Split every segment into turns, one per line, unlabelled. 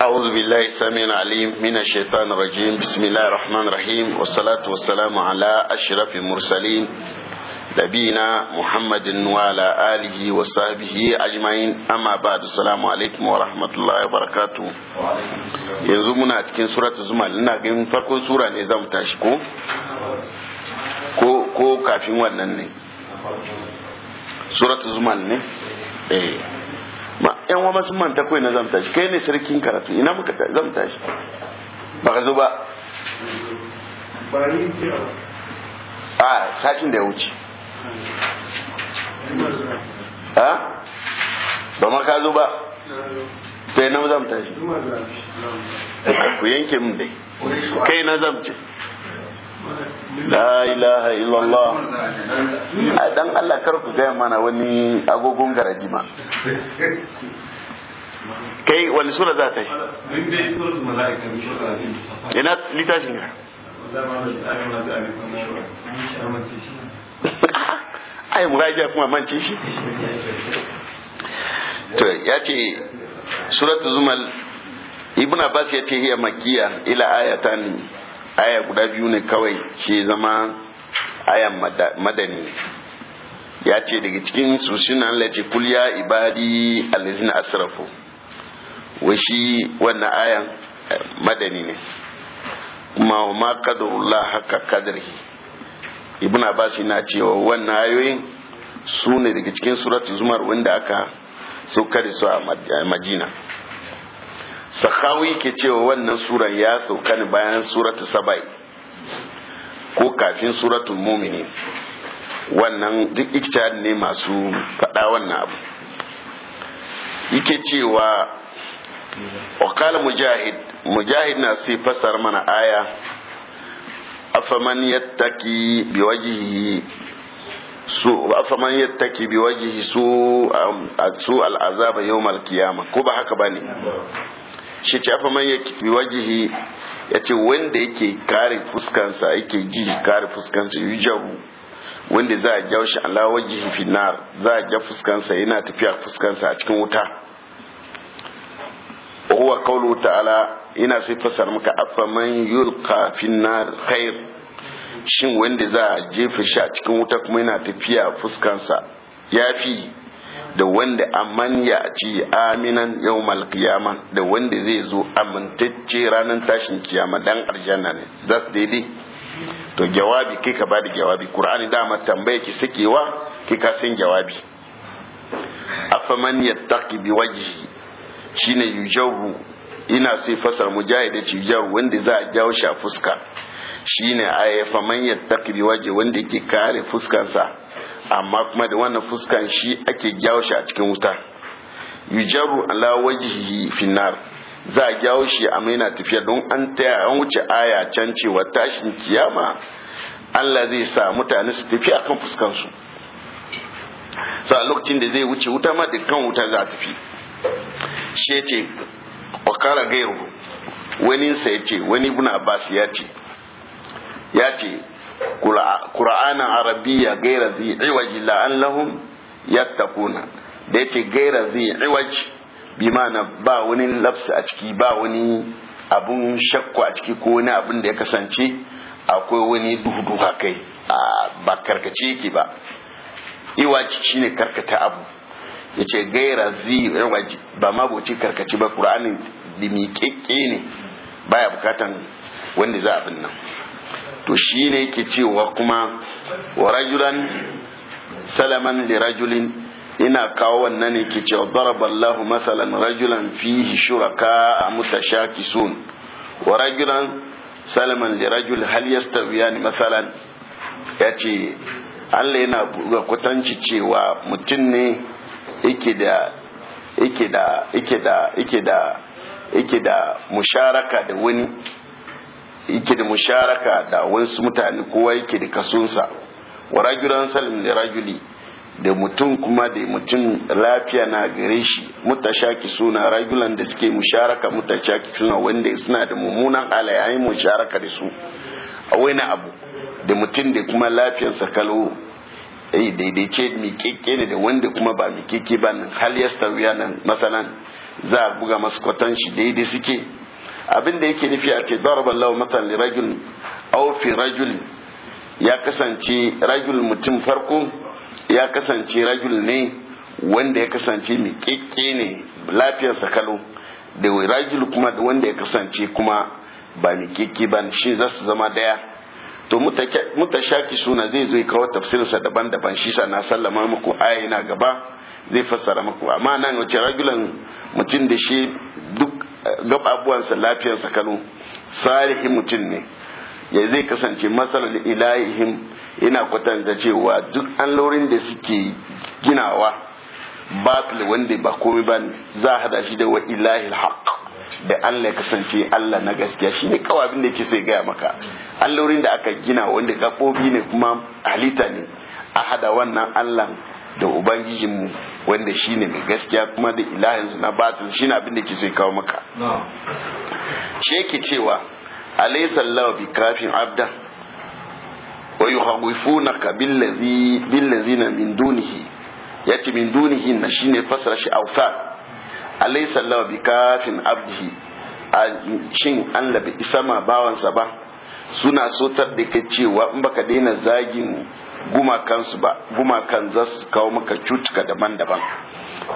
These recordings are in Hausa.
أعوذ بالله السميع العليم من الشيطان الرجيم بسم الله الرحمن الرحيم والصلاة والسلام على أشرف المرسلين نبينا محمد وعلى آله وصحبه أجمعين أما بعد السلام عليكم ورحمة الله وبركاته yanzu muna cikin suratul zumal ina ganin farkon sura ne zamu tashi ko ko kafin wannan ne suratul zumal ne eh ma yan wa sun manta kawai na zamta shi kai ne sarkin karatu ina muka zamta shi ba ka zo ba a satin da ya wuce ha ba ma ka zo ba to na zamta shi ku yanke mu dai kai na zamce la ilaha illallah a dan Allah kar ku gaya mana wani agogon garaji ma kai wani sura za ta yi ina litashin ka ai murajiya kuma manci shi to ya ce suratul zumal ibn abbas ya ce hiya makiya ila ayatan aya guda biyu ne kawai shi zama ayan madani ya ce daga cikin su suna Allah ibadi allazina asrafu wa shi wannan ayan eh, madani ne kuma wa ma qadarullah haka qadrihi ibnu abbas yana cewa wannan ayoyin su ne daga cikin suratul zumar wanda aka saukar su a majina? sahawi ke cewa wannan suran ya sauka ne bayan suratu saba'i ko kafin suratul mumini wannan duk ikhtiyar ne masu faɗa wannan abu yake cewa wakala mujahid mujahid na sai fasar mana aya afaman yattaki biwajihi su afaman yattaki biwajihi su um, su al'azaba yawmal qiyamah ko ba haka bane shi ce afa manya wajihi ya ce wanda yake kare fuskansa yake ji kare fuskansa yi yujahu wanda za a jawo shi ala wajihi finnar za a ja fuskansa yana tafiya fuskansa a cikin wuta huwa kawo ta'ala ina sai fasar maka afa man yulqa na khair shin wanda za a jefa shi a cikin wuta kuma yana tafiya fuskansa ya fi. da wanda aman ya ci aminan yau malkiyama da wanda zai zo amintacce ranar tashin kiyama dan arjanna ne that's daidai to jawabi kai ka bada jawabi qur'ani dama tambaye ki sakewa kai ka san jawabi afaman yattaqi bi wajhi shine yujawu ina sai fasar mujahid da yujawu wanda za a jawo shi a fuska shine ayafa man yattaqi bi wajhi wanda yake kare fuskansa amma kuma da wannan fuskan shi ake gyawo shi a cikin wuta yujaru ala wajhihi finnar za a gyawo shi a maina tafiya don an taya an wuce aya can cewa tashin kiyama Allah zai sa mutane su tafi akan fuskan su sa lokacin da zai wuce wuta ma dukkan wuta za a tafi shi ce wa gairu wani sa ce wani ibn abbas ya ce ya ce qur'anan Arabiya gaira zi iwaji la'an lahum yattaquna da yace gaira zi iwaji bi ma'ana ba wani lafsa a ciki ba wani abun shakku a ciki ko wani abun da ya kasance akwai wani duhu kai ba karkace yake ba iwaji shine karkata abu yace gaira zi iwaji ba ma boci karkace ba qur'anin limiƙeƙe ne baya bukatan wanda za a nan to shi ne ke cewa kuma wa rajulan salaman li rajulin ina kawo wannan ne ke cewa daraballahu masalan rajulan fihi shuraka a sun wa rajulan salaman li rajul hal yastawiyan masalan ya ce, Allah yana buga kwatanci cewa mutum ne yake da yake da yake da yake da yake da musharaka da wani yake da musharaka da wasu mutane kowa yake da kasunsa wa rajulan salim da rajuli da mutum kuma da mutum lafiya na gare shi mutashaki suna ragulan da suke musharaka mutashaki suna wanda suna da mummunan alayayi musharaka da su a wani abu da mutum da kuma lafiyarsa kalo eh daidaice miƙeƙe ne da wanda kuma ba miƙeƙe ba nan hal yastawiya nan masalan za a buga masu kwatan shi daidai suke abin da yake nufi a ce daraballahu matan li rajul aw fi rajul ya kasance rajul mutum farko ya kasance rajul ne wanda ya kasance miƙiƙe ne lafiyarsa kalo da rajul kuma da wanda ya kasance kuma ba miƙiƙe ba shi za su zama daya to mutashaki suna zai zo kawo tafsirinsa daban-daban shi sa na sallama muku aya yana gaba zai fassara muku amma nan wace rajulan mutum da shi duk gababuwansa lafiyarsa kano salihi mutum ne ya zai kasance matsalar ilayihim ina kwatanta cewa duk an laurin da suke ginawa batil wanda ba komai ba za a hada shi da wa ilahil haq da Allah ya kasance Allah na gaskiya Shi ne abin da yake sai gaya maka An allorin da aka gina wanda gabobi ne kuma halitta ne a hada wannan Allah da ubangijinmu wanda shi ne mai gaskiya kuma da ilahinsu na batun shi ne abin da ke sai kawo maka ce ke cewa alaisallawa bi kafin abda wa yuhawifuna ka billazina min dunihi ya ce min na shi ne fasar shi autar alaisallawa bi kafin abdihi a shin an labi isa ma bawansa ba suna sotar da ke cewa in baka daina zagin su ba gumakan za su kawo maka cutuka daban-daban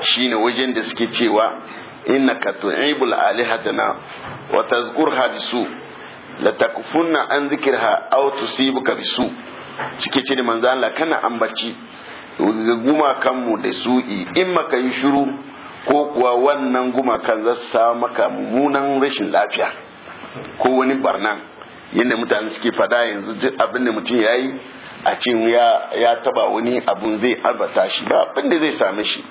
shine wajen da suke cewa innaka tu'ibul alihatana wa tazkurha bisu la takfunna an zikirha aw tusibuka bisu suke ce da manzo Allah kana ambaci gumakan mu da su'i in maka yi shiru ko kuwa wannan gumakan za su samu maka mummunan rashin lafiya ko wani barnan yadda mutane suke fada yanzu duk abin da mutum ya yi a ce ya taba wani abun zai albata shi ba abin da zai same shi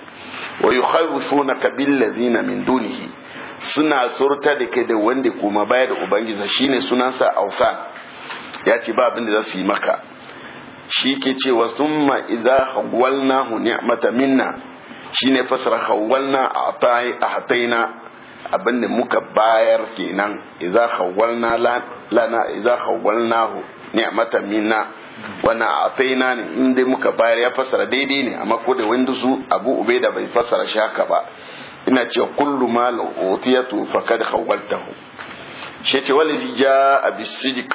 wa yukharrifuna kabil ladina min dunihi suna surta da kai da wanda kuma baya da ubangiji shine sunansa ausan ya ce ba abin da za su yi maka shi ke cewa summa idza hu ni'mata minna shine fasara hawalna a hataina abin da muka bayar kenan idza hawalna lana idza hu ni'mata minna wannan a taina ne in dai muka bayar ya fasara daidai ne amma ko da wanda su abu da bai fasara shi haka ba ina ce kullu ma utiyatu faqad khawaltahu shi ce wal jaa sidiq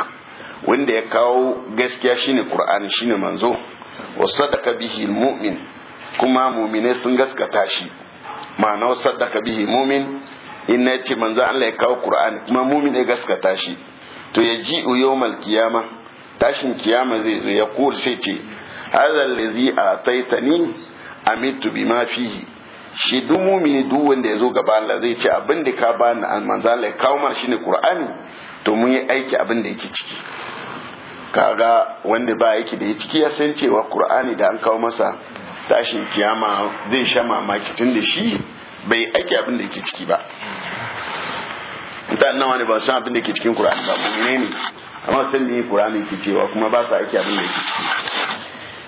wanda ya kawo gaskiya shine qur'ani shine manzo wa sadaka bihi mu'min kuma mu'mine sun gaskata shi ma'ana sadaka bihi mu'min in na ce manzo Allah ya kawo qur'ani kuma mu'min ya gaskata shi to ya ji yawmal qiyamah tashin kiyama zai zo ya kul sai ce hadha allazi ataitani amitu bima fihi shi duk mumini duk wanda yazo gaba Allah zai ce abin da ka bani an manzo Allah kawo mar shine Qur'ani to mun yi aiki abin da yake ciki kaga wanda ba yake da ciki ya san cewa Qur'ani da an kawo masa tashin kiyama zai sha mamaki tun da shi bai aiki abin da yake ciki ba mutanen nawa ne ba san abin da ke cikin Qur'ani ba mu ne amma da yi Qur'ani ke cewa kuma ba sa aiki abin da yake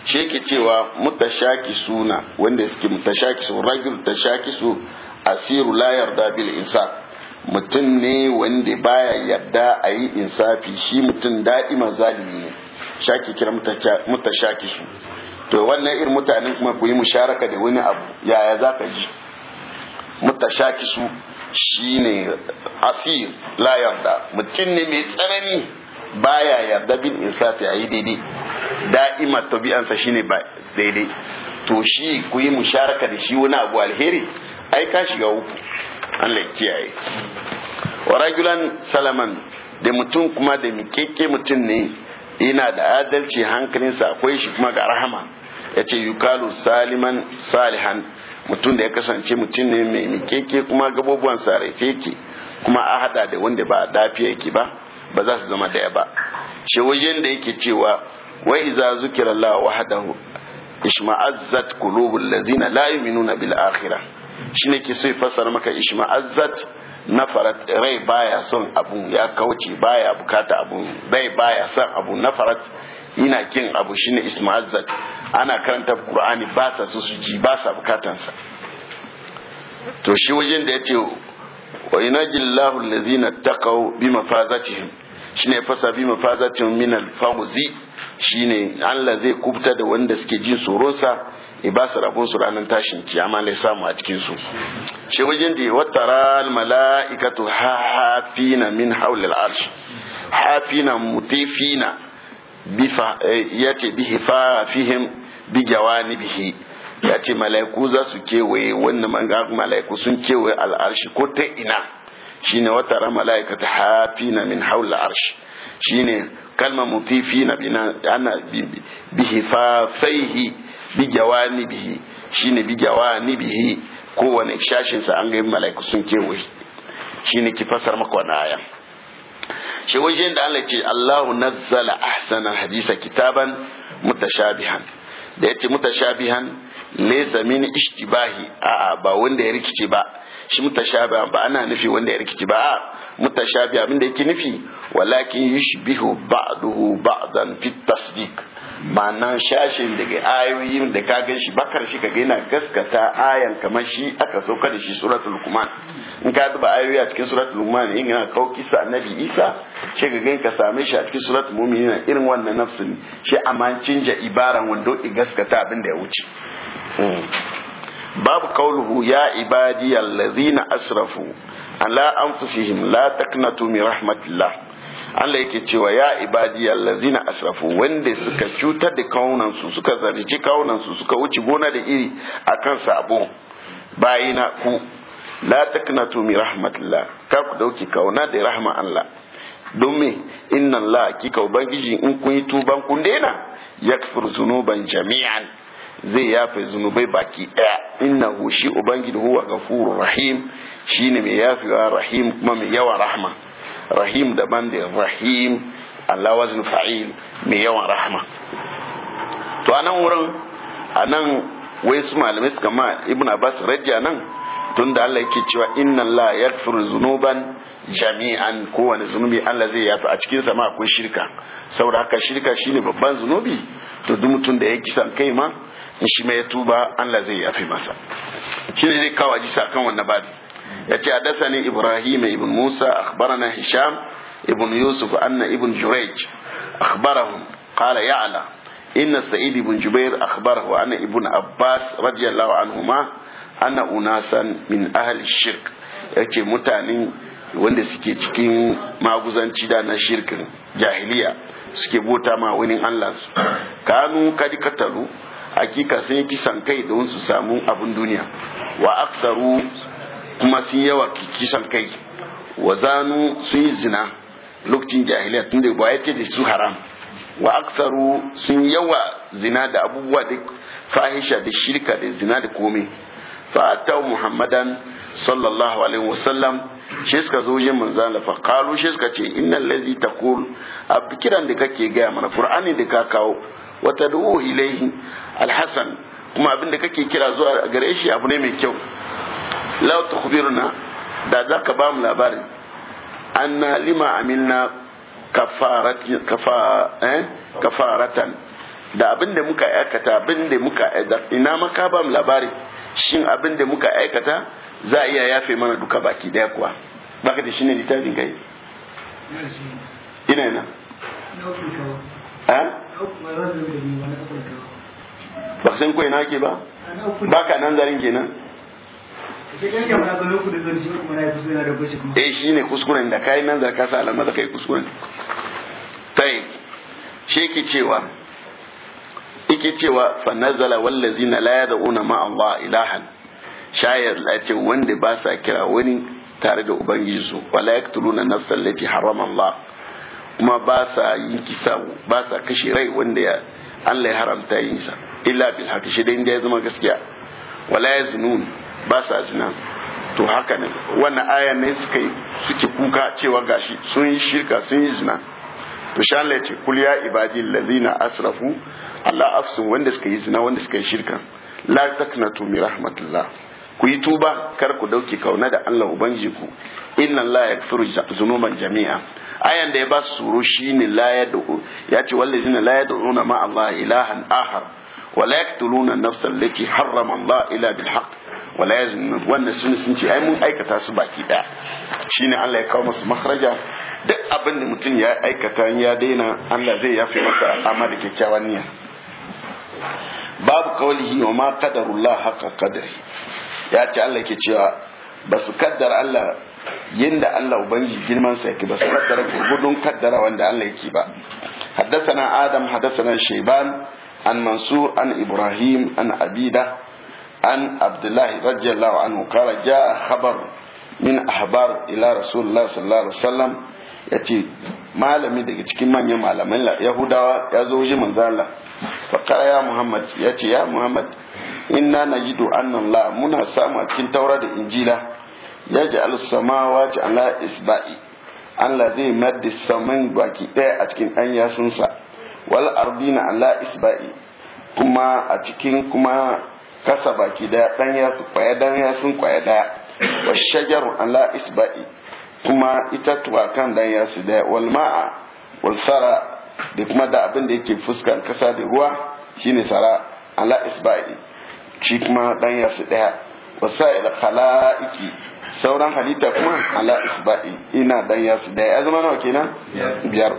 shi yake cewa mutashaki suna wanda suke mutashaki su rajul tashaki su asiru la yarda bil insa mutum ne wanda baya yadda a yi insafi shi mutum da'ima zalimi ne shaki kira mutashaki su to wannan irin mutanen kuma ku yi musharaka da wani abu yaya za ka ji mutashaki su ne asir la yarda mutum ne mai tsanani baya yarda bil insafi ayi daidai da'ima tabi'ansa shine ne daidai to shi ku yi musharaka da shi wani abu alheri ai ka shiga uku an ya kiyaye wa ragulan salaman da mutum kuma da mikeke mutum ne yana da adalci hankalinsa akwai shi kuma ga rahama ya ce yukalu saliman salihan mutum da ya kasance mutum ne mai mikeke kuma gabobuwan sarai rai kuma a hada da wanda ba dafiya yake ba ba za su zama daya ba shi wajen da yake cewa wa iza zukira Allah wahdahu ishma'azzat qulubul ladzina la yu'minuna bil akhirah shine ke so ya fassara maka ishma'azzat na farat rai baya son abu ya kauce baya bukata abu rai baya son abu na farat ina kin abu shine isma'azzat ana karanta qur'ani ba sa su ji ba sa sa to shi wajen da yace wa inajillahu allazina taqaw bi mafazatihim shine fasa bi mafazatin min al shine Allah zai kubta da wanda suke jin tsoronsa ya ba su rabon su ranar tashin kiyama ne samu a cikin su shi wajen da watara al-mala'ikatu hafina min hawl al-arsh hafina mutifina bifa eh, yace bihi fa fihim bi bihi yace mala'iku za su kewaye wannan mala'iku sun kewaye al-arsh ko ta ina shine wata ra malaikata hafina min haula arshi shine kalma mutifina bina ana bihifafaihi bi jawanibihi shine bi jawanibihi kowane shashin sa an ga malaiku sun kewaye shine ki fasar maka wannan aya. shi wajen da Allah ce Allahu nazzala ahsana hadisa kitaban mutashabihan da yace mutashabihan ne zamin ishtibahi a ba wanda ya rikice ba shi mutashabiha ba ana nufi wanda ya rikici ba mutashabiha abinda yake nufi walakin yushbihu ba'duhu ba'dan fi tasdiq nan shashin daga ayoyin da ka gan shi bakar shi kaga yana gaskata ayan kamar shi aka sauka da shi suratul luqman in ka duba ayoyi a cikin suratul luqman in yana kawo kisa annabi isa shi ka gan ka same shi a cikin suratul mu'minin irin wannan nafsin shi amma canja ibaran wando ya gaskata abin da ya wuce hmm. babu kauluhu ya ibadi allazina asrafu ala anfusihim Allah yake cewa ya ibadi allazina asrafu wanda suka cutar da kaunan su suka zarci kaunan su suka wuce gona da iri akan sabo bayina ku la taqnatu min rahmatillah Ka ku dauki kauna da rahma Allah don me inna Allah kika ubangiji in kun yi tuban kun daina yakfur zunuban jami'an zai yafe zunubai baki ɗaya hu shi ubangiji huwa gafurur rahim shine mai yafewa rahim kuma mai yawan rahma rahim daban da rahim Allah wazin fa'il mai yawan rahma to anan wurin anan wai su malamai suka ma ibn abbas rajja nan tunda Allah yake cewa inna la yaghfiru zunuban jami'an kowane zunubi Allah zai yafi a cikin sa ma akwai shirka saboda haka shirka shine babban zunubi to duk mutum da ya kisan kai ma in shi mai ya tuba Allah zai yafe masa shi ne zai kawo ajisa kan wannan babi ya ce hadasani ibrahim ibn musa akhbarana hisham ibn yusuf anna ibn jurayj qala ya'la inna sa'id ibn jubair akhbarahu anna ibn abbas radiyallahu anhuma anna unasan min ahli shirk ce mutane wanda suke cikin maguzanci da na shirkin jahiliya suke bota ma wani Allah kanu kadi katalu hakika sun yi kisan kai don su samu abin duniya wa aksaru kuma sun yawa kisan kai wa zanu sun yi zina lokacin jahiliya tun da ya ce da su haram wa aksaru sun yawa zina da abubuwa da fahisha da shirka da zina da komai fa'atau muhammadan sallallahu alaihi wasallam shi suka zo yin manzala fa kalu shi suka ce innal ladhi taqul a da kake gaya mana qur'ani da ka kawo wa tad'u ilayhi alhasan kuma abinda kake kira zuwa gare shi abu ne mai kyau la tukhbirna da zaka ba mu labarin anna lima amilna kafaratan kafa eh kafaratan da abinda muka aikata abinda muka aikata ina maka ba mu labari shin abinda muka aikata za a iya yafe mana duka baki daya kuwa baka da shine littafin kai ina ina ha ba san ko ina ke ba ba ka nan zarin kenan eh shi ne kuskuren da kayi nan zarka sa alama da kai kuskuren tai shi ke cewa yake cewa fa nazala wallazina la yad'una ma Allah ilahan shayar la ce wanda ba sa kira wani tare da ubangiji su wala yaqtuluna nafsan lati harama Allah kuma ba sa yi kisa ba sa kashe rai wanda ya Allah ya haramta yin sa illa bil haqi shi dai ya zama gaskiya wala yaznun ba sa zina to haka ne wannan aya ne suka suke kuka cewa gashi sun yi shirka sun yi zina to sha Allah ya ce kul ya ibadil ladina asrafu Allah afsun wanda suka yi zina wanda suka yi shirka la taknatu tumi rahmatillah ku yi tuba kar ku dauki kauna da Allah ubangiji ku inna la yaghfiru zunuban jami'a ayan da ya ba su suru shine la yad'u ya ce wallazina la yad'una ma Allah ilahan ahar wa la yaqtuluna nafsa allati harrama Allah ila bil haqq wa la yaznun wannan sun sun ce ai mun aikata su baki daya shine Allah ya kawo masu makhraja duk abin da mutum ya aikata ya daina Allah zai yafi masa amma da kyakkyawan niyya babu kaulihi wa ma qadarullah haqa qadri ya ce Allah ke cewa ba su kaddara Allah yin da Allah ubangi girman sa yake ba su kaddara gudun kaddara wanda Allah yake ba haddathana adam na shayban an mansur an ibrahim an abida an abdullahi radiyallahu anhu qala jaa habar min ahbar ila rasulullah sallallahu alaihi wasallam yace malami daga cikin manyan malaman yahudawa ya zo wajen manzo Allah fa ya muhammad yace ya muhammad inna najidu annan la muna samu a cikin taura da injila ya ji alsamawa ala isba'i Allah zai mayar da saman baki ɗaya a cikin ɗan yasunsa wal ardina ala isba'i kuma a cikin kuma kasa baki ɗaya ɗan yasu kwaya ɗan yasun kwaya ɗaya wa shajaru ala isba'i kuma ita tuwa kan ɗan yasu ɗaya wal ma'a wal sara da kuma da abin da yake fuskan kasa da ruwa shine sara ala isba'i shi kuma dan yasu daya wasa'il khala'iki sauran halitta kuma ala isba'i ina dan yasu daya ya zama nawa kenan biyar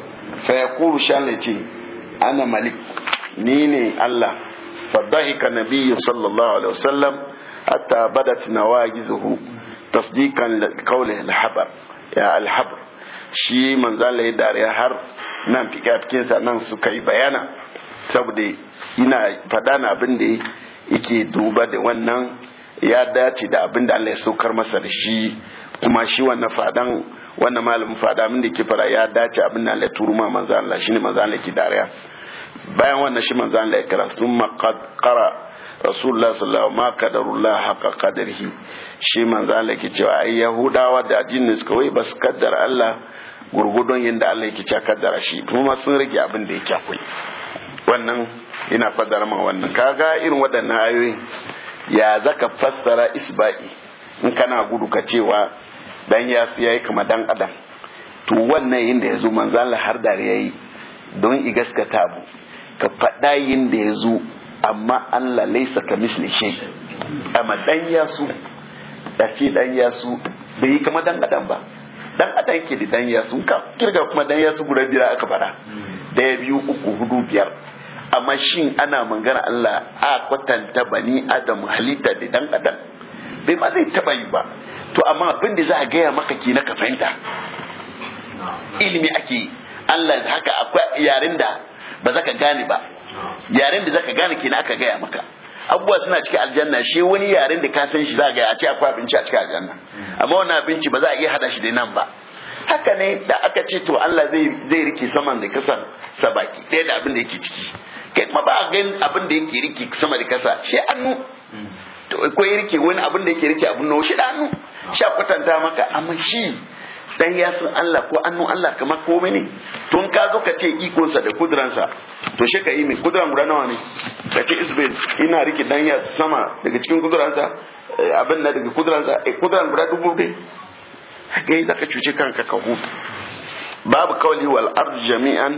fa yaqulu shan lati ana malik ni ne Allah fadaika nabiyyu sallallahu alaihi wasallam hatta badat nawajizuhu tasdiqan qawli al-habar ya al-habar shi manzan ya dariya har nan fikafikinsa nan suka yi bayana saboda ina fadana abin da ya yake duba da wannan ya dace da abin da Allah ya saukar masa da shi kuma shi wannan fadan wannan malamin fada min da ke fara ya dace abin da Allah ya turu ma manzo Allah shine manzo Allah ke dariya bayan wannan shi manzo Allah ya kira thumma qad qara rasulullahi sallallahu alaihi wasallam ma qadarullah haqa qadarihi shi manzo Allah ke cewa ai yahudawa da addinin su kawai bas kaddara Allah gurgudon yanda Allah yake cewa kaddara shi kuma sun rage abin da yake akwai wannan ina fadar ma wannan kaga irin waɗannan ayoyi ya zaka fassara isba'i in kana gudu ka cewa dan yasu yayi kama dan adam to wannan inda yazo ya Allah har da ya yi don i gaskata abu ka faɗa yin da ya amma Allah laisa ka misli shi amma dan yasu da ce dan yasu bai yi kama dan adam ba dan adam ke da dan yasu ka kirga kuma dan yasu guda biyar aka fara daya biyu uku hudu biyar amma shin ana magana Allah a kwatanta bani adam halitta da dan adam bai ma zai taba yi ba to amma abin da za a gaya maka ke na ka fahimta ilimi ake Allah haka akwai yaren da ba za ka gane ba yaren da za ka gane ke na aka gaya maka abubuwa suna cikin aljanna shi wani yaren da ka san shi za a ga a ce akwai abinci a cikin aljanna amma wannan abinci ba za a iya hada shi da nan ba haka ne da aka ce to Allah zai zai rike saman da kasan sabaki ɗaya da abin da yake ciki kai ma ba gan abin da yake riki sama da kasa shi annu to ko rike wani abin da yake riki abin nawa shi da annu shi kwatanta maka amma shi dan ya san Allah ko annu Allah kamar komai ne tun ka zo ka ce ikon sa da kudransa to shi ka yi mai kudran guda nawa ne ka ce isbil ina riki dan ya sama daga cikin kudransa eh, abin na daga kudransa eh kudran guda dubu ne kai yi ka cuce kanka ka hutu babu kawli wal ard jami'an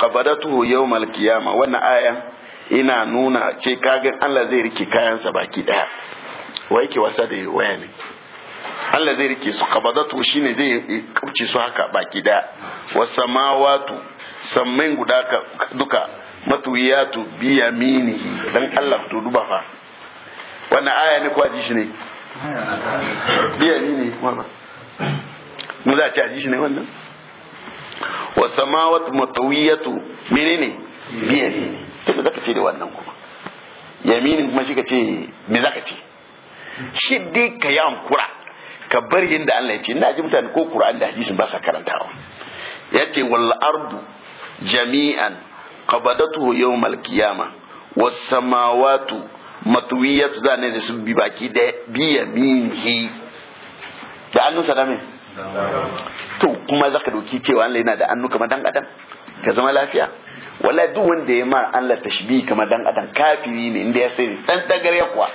qabadatuhu yawmal qiyamah wannan aya ina nuna ce kagan Allah zai rike kayansa baki daya wa yake wasa da waya ne Allah zai rike su qabadatu shine zai kubce su haka baki daya wasamawatu sammin guda duka matuyatu bi yaminihi dan Allah to duba fa wannan aya ne ko aji shi ne bi yaminihi kuma mu za a ji aji shi ne wannan wa samawat matawiyatu menene biyadi to da wannan kuma yaminin kuma shi ka ce me zaka ce shi dai ka yi amkura ka bar yadda Allah ya ce ina ji mutane ko Qur'an da hadisin ba sa karantawa ya ce wal ardu jami'an yawm al qiyama was samawatu matwiyatu zane da sun bi baki da hi. da annu sa to kuma zaka doki cewa Allah yana da annu kamar dan adam ka zama lafiya wala duk wanda ya ma Allah tashbihi kamar dan adam kafiri ne inda ya sai dan dagare kuwa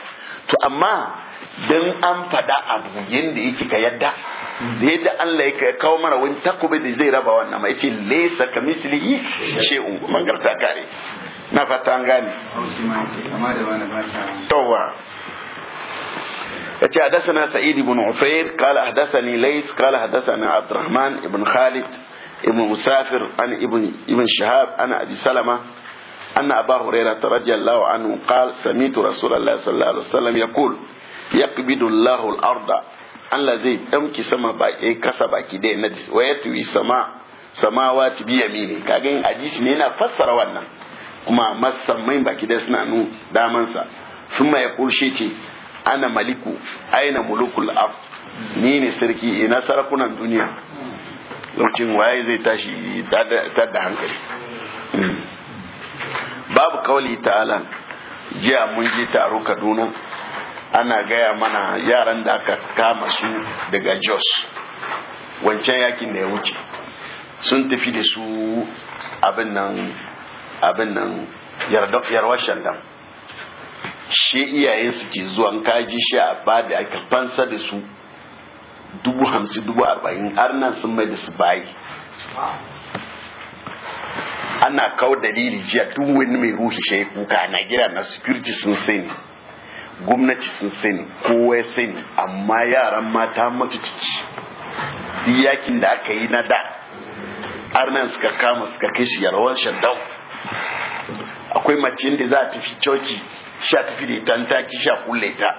to amma dan an fada abu yanda yake ka yadda da yadda Allah ya kawo mara wani takobi da zai raba wannan mai ce laysa ka mislihi shay'un mangarta kare na fata an gane yace na sa'id ibn ufair qala hadathani lays qala hadathana abdurrahman ibn khalid ibn musafir an ibn ibn shahab ana abi salama أن أبا هريرة رضي الله عنه قال سمعت رسول الله صلى الله عليه وسلم يقول يقبض الله الأرض Allah zai ɗauki sama baki kasa baki dai na wa ya tuwi sama samawa ti biya hadisi yana fassara wannan kuma masamman baki dai suna nu damansa sun ma ya kulshe ce ana maliku aina mulukul af ni ne sarki ina sarakunan duniya lokacin waye zai tashi ta da hankali hmm. babu kawali ta'ala jiya mun ji taro kaduna ana gaya mana yaran da aka kama su daga jos wancan yakin da ya wuce sun tafi da su abin nan abin nan shi iyayensu ke zuwan kaji shi a ba da aka fansa da su dubu hamsin dubu arba'in har nan sun mai da su bayi ana kawo dalili jiya duk wani mai ruhi shai kuka na gira na security sun sani gwamnati sun sani kowai sani amma yaran mata masu ciki yakin da aka yi na da arnan suka kama suka kai shi yarawar shaddau akwai mace da za a tafi coci sha tafi da ita ta ki sha kulle ta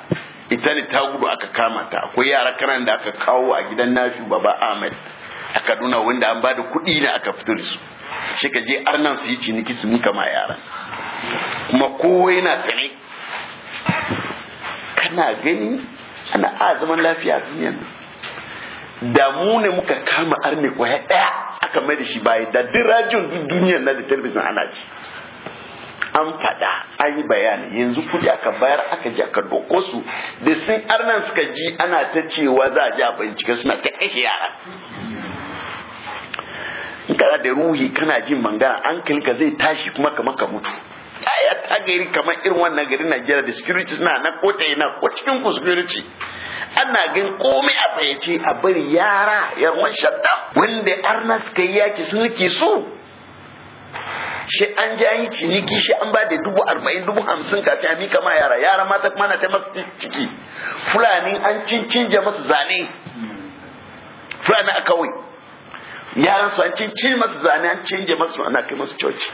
ita ne ta gudu aka kama ta akwai yara kanan da aka kawo a gidan nafi baba ahmed a kaduna wanda an bada kuɗi ne aka fito da su sai ka je arnan su yi ciniki su muka ma yaran kuma kowa yana tsare kana gani ana a zaman lafiya duniya da mu ne muka kama arne kwaya ɗaya aka mai da shi baya da duk rajin duniyan na da talabijin ana ci an faɗa an yi bayani yanzu kudi aka bayar aka ji aka doko su da sun arnan suka ji ana ta cewa za a ji a bincike suna ta kashe yara kana da ruhi kana jin mangana kilka zai tashi kuma kamar ka mutu ya ta gari kamar irin wannan garin Najeriya da security suna na kota yana ko cikin ku security ana gan komai a fayyace a bari yara yarwan shadda wanda arna suka yi yaki sun nake so shi an ji an yi ciniki shi an ba da dubu arba'in dubu hamsin kafin a mika ma yara yara mata kuma na ta masu ciki fulani an cincinja masu zane fulani a kawai yaran su an cincin masu zane an cinje masu ana kai masu coci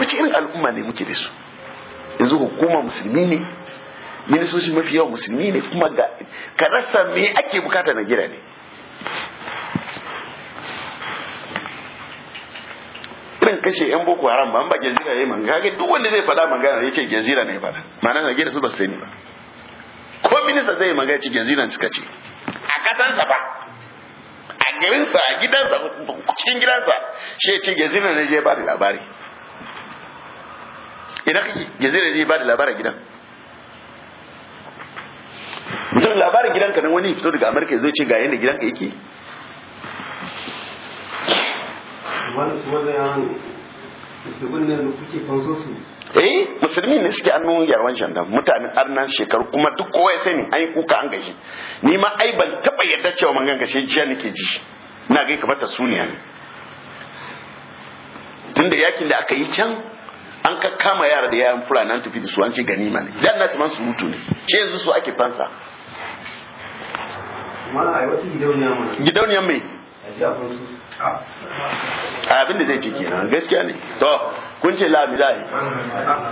wace irin al'umma ne muke da su yanzu hukuma musulmi ne ministoci mafi yawa musulmi ne kuma ga ka rasa me ake bukata na gida ne ban kashe yan boko haram ba an ba jazira yayi man kage duk wanda zai faɗa magana yace jazira ne faɗa ma'ana na gida su ba sani ba ko minista zai magana ce jazira suka ce a kasan sa ba a garin sa a gidan sa cikin gidan sa shi ya ce jazira ne je ba da labari idan kake jazira ne ba da labarin gidan mutum labarin gidanka nan wani fito daga amurka zai ce ga yadda gidanka yake eh musulmi ne suke annun yarwan janda mutanen arnan shekaru kuma duk kowa ya sani an yi kuka an gashi ni ma ai ban taba yadda cewa man ganga sai jiya nake ji na ga kamar ta suniya ne tunda yakin da aka yi can an ka kama yara da yayan fulani an tafi da su an ce ganima ne dan nasu man surutu ne ce yanzu su ake fansa gidauniya mai abin da zai ce kenan gaskiya ne to kun ce la za yi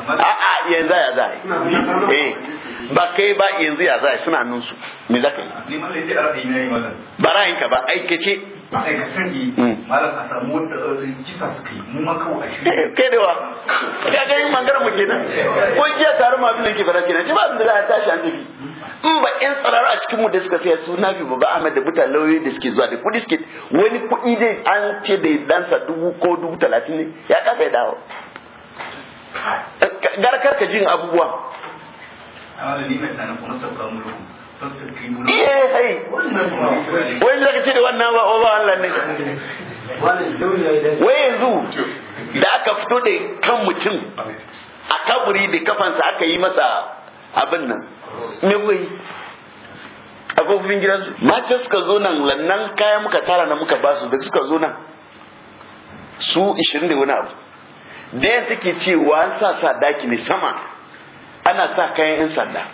a a yanzu ya za yi eh ba kai ba yanzu ya za yi suna nan su me ka yi ba ra'ayinka ba aikace kai da wa ya ga yin mu kenan ko jiya ma fara kenan shi ba abin da za a tashi mm. in ba a cikin mu da suka saya su na bi ba Ahmad da buta lauyoyi da suke zuwa da kudi suke wani kudi dai an ce da dansa dubu ko dubu talatin ne ya kafa ya dawo garkar ka jin abubuwa eh zaka ce da wannan ba ba Allah ne wai yanzu da aka fito da kan mutum a kaburi da kafansa aka yi masa abin nan me kuyi a kofin gidansu mata suka zo nan lannan kaya muka tara na muka basu da suka zo nan su 20 da wani abu da take cewa an sa sa daki ne sama ana sa kayan 'yan sanda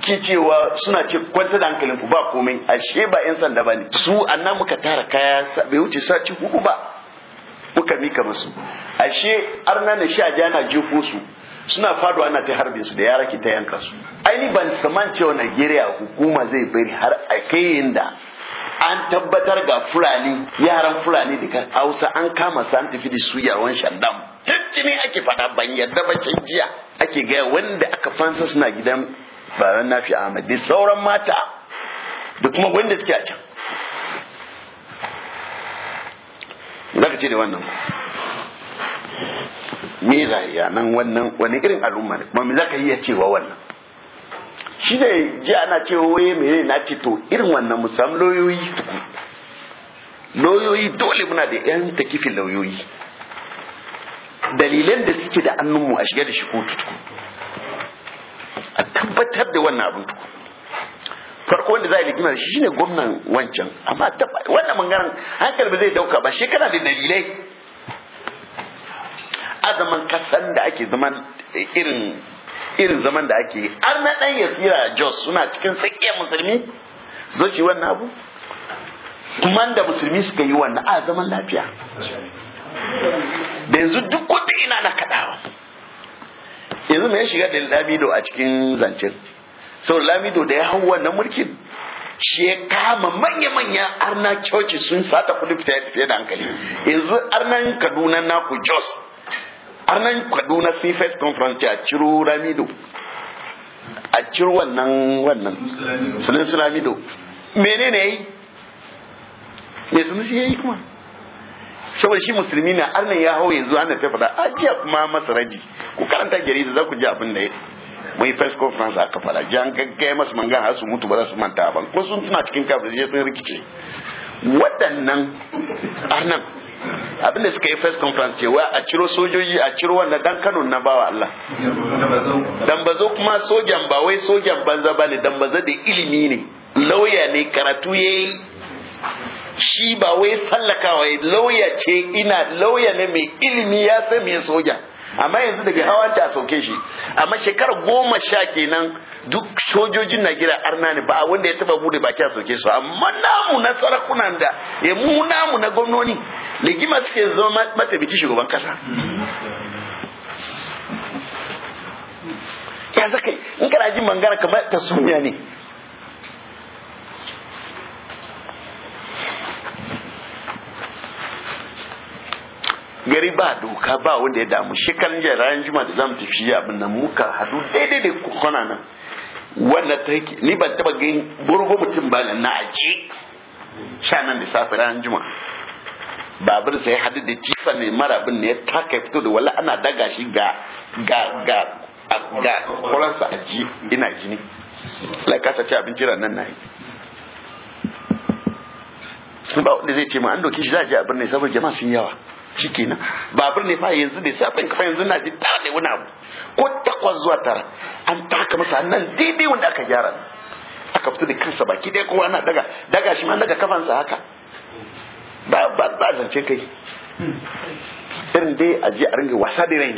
ki cewa suna ce kwanta da hankalin ku ba komai ashe ba yan sanda bane su annan muka tara kaya bai wuce sati huɗu ba muka mika musu ashe arna na sha jana jefo su suna faduwa ana ta harbe su da yara ki ta yanka su aini ban saman cewa Najeriya hukuma zai bari har a kai da an tabbatar ga fulani yaran fulani da kan hausa an kama su an tafi da su Shandam. shaddam tuntuni ake fada ban yarda ba jiya ake gaya wanda aka fansa suna gidan baban nafi ahmad da sauran mata da kuma wanda suke a can za ka ce da wannan me rayuwa nan wannan wani irin al'umma ne kuma me za ka iya cewa wannan shi ne ji ana cewa waye mene na ce to irin wannan musamman lauyoyi lauyoyi dole muna da yan takifin lauyoyi dalilan da suke da annunmu a shiga da shi kotu a tabbatar da wannan abin tukun farko wanda za a da shi shine gwamnan wancan amma wannan mangaran hankali ba zai dauka ba shi kana da dalilai azaman kasan da ake zaman irin zaman da ake har na dan tsira jos suna cikin tsakiyar musulmi zoci wannan abu kuma da musulmi suka yi wannan a zaman lafiya da yanzu duk wata ina na kadawa yanzu me ya shiga da lamido a cikin zancen sau lamido da ya hau wannan mulkin shi ya kama manya-manya arna coci sun sata kudi fita fiye da hankali yanzu arnan kaduna ku jos arnan kaduna sun first conference a ciro lamido a ciro wannan wannan sulun sulamido menene yi mai sun shi yi kuma saboda shi musulmi na arna ya hau yanzu ana ta fada a jiya kuma masa raji ku karanta jarida za ku ji abin da ya mun yi press conference a kafa da an gaggaya masu mangan har su mutu ba za su manta ba ko sun tuna cikin kafin je sun rikice waɗannan arnan abinda suka yi first conference wa a ciro sojoji a ciro wannan dan Kano na bawa Allah dan bazo kuma sojan ba wai sojan banza bane dan bazo da ilimi ne lauya ne karatu yayi shi ba wai sallakawa ya lauya ce ina lauya ne mai ilimi ya sai mai soja amma yanzu daga hawa ta sauke shi amma shekarar goma sha kenan duk sojojin na gira arna ne ba wanda ya taba bude baki a sauke su amma namu na sarakunan da ya mu namu na gwamnoni ligima suke zama mataimaki shugaban kasa ya zaka in kana jin mangana kamar sunya ne gari ba doka ba wanda ya damu shekarun jiya ranar juma da zamu tafi abin nan muka hadu daidai da kukuna nan wannan ta yake ni ban taba gani burgo mutum ba na aji sha da safi ranar juma babur sai hadu da tifa ne mara abin ne ya taka fito da wala ana daga shi ga ga ga ga kwaransa aji ina jini laikasa ci abin jira nan na yi ba wanda zai ce ma an doki shi za a ji a birni saboda jama'a sun yawa ciki na babur ne fa yanzu da safin kafa yanzu na ji tare wani abu ko takwas zuwa tara an taka masa nan daidai wanda aka gyara aka fito da kansa baki dai kuma ana daga daga shi ma daga kafansa haka ba ba ba zance kai irin dai a je a ringa wasa da rai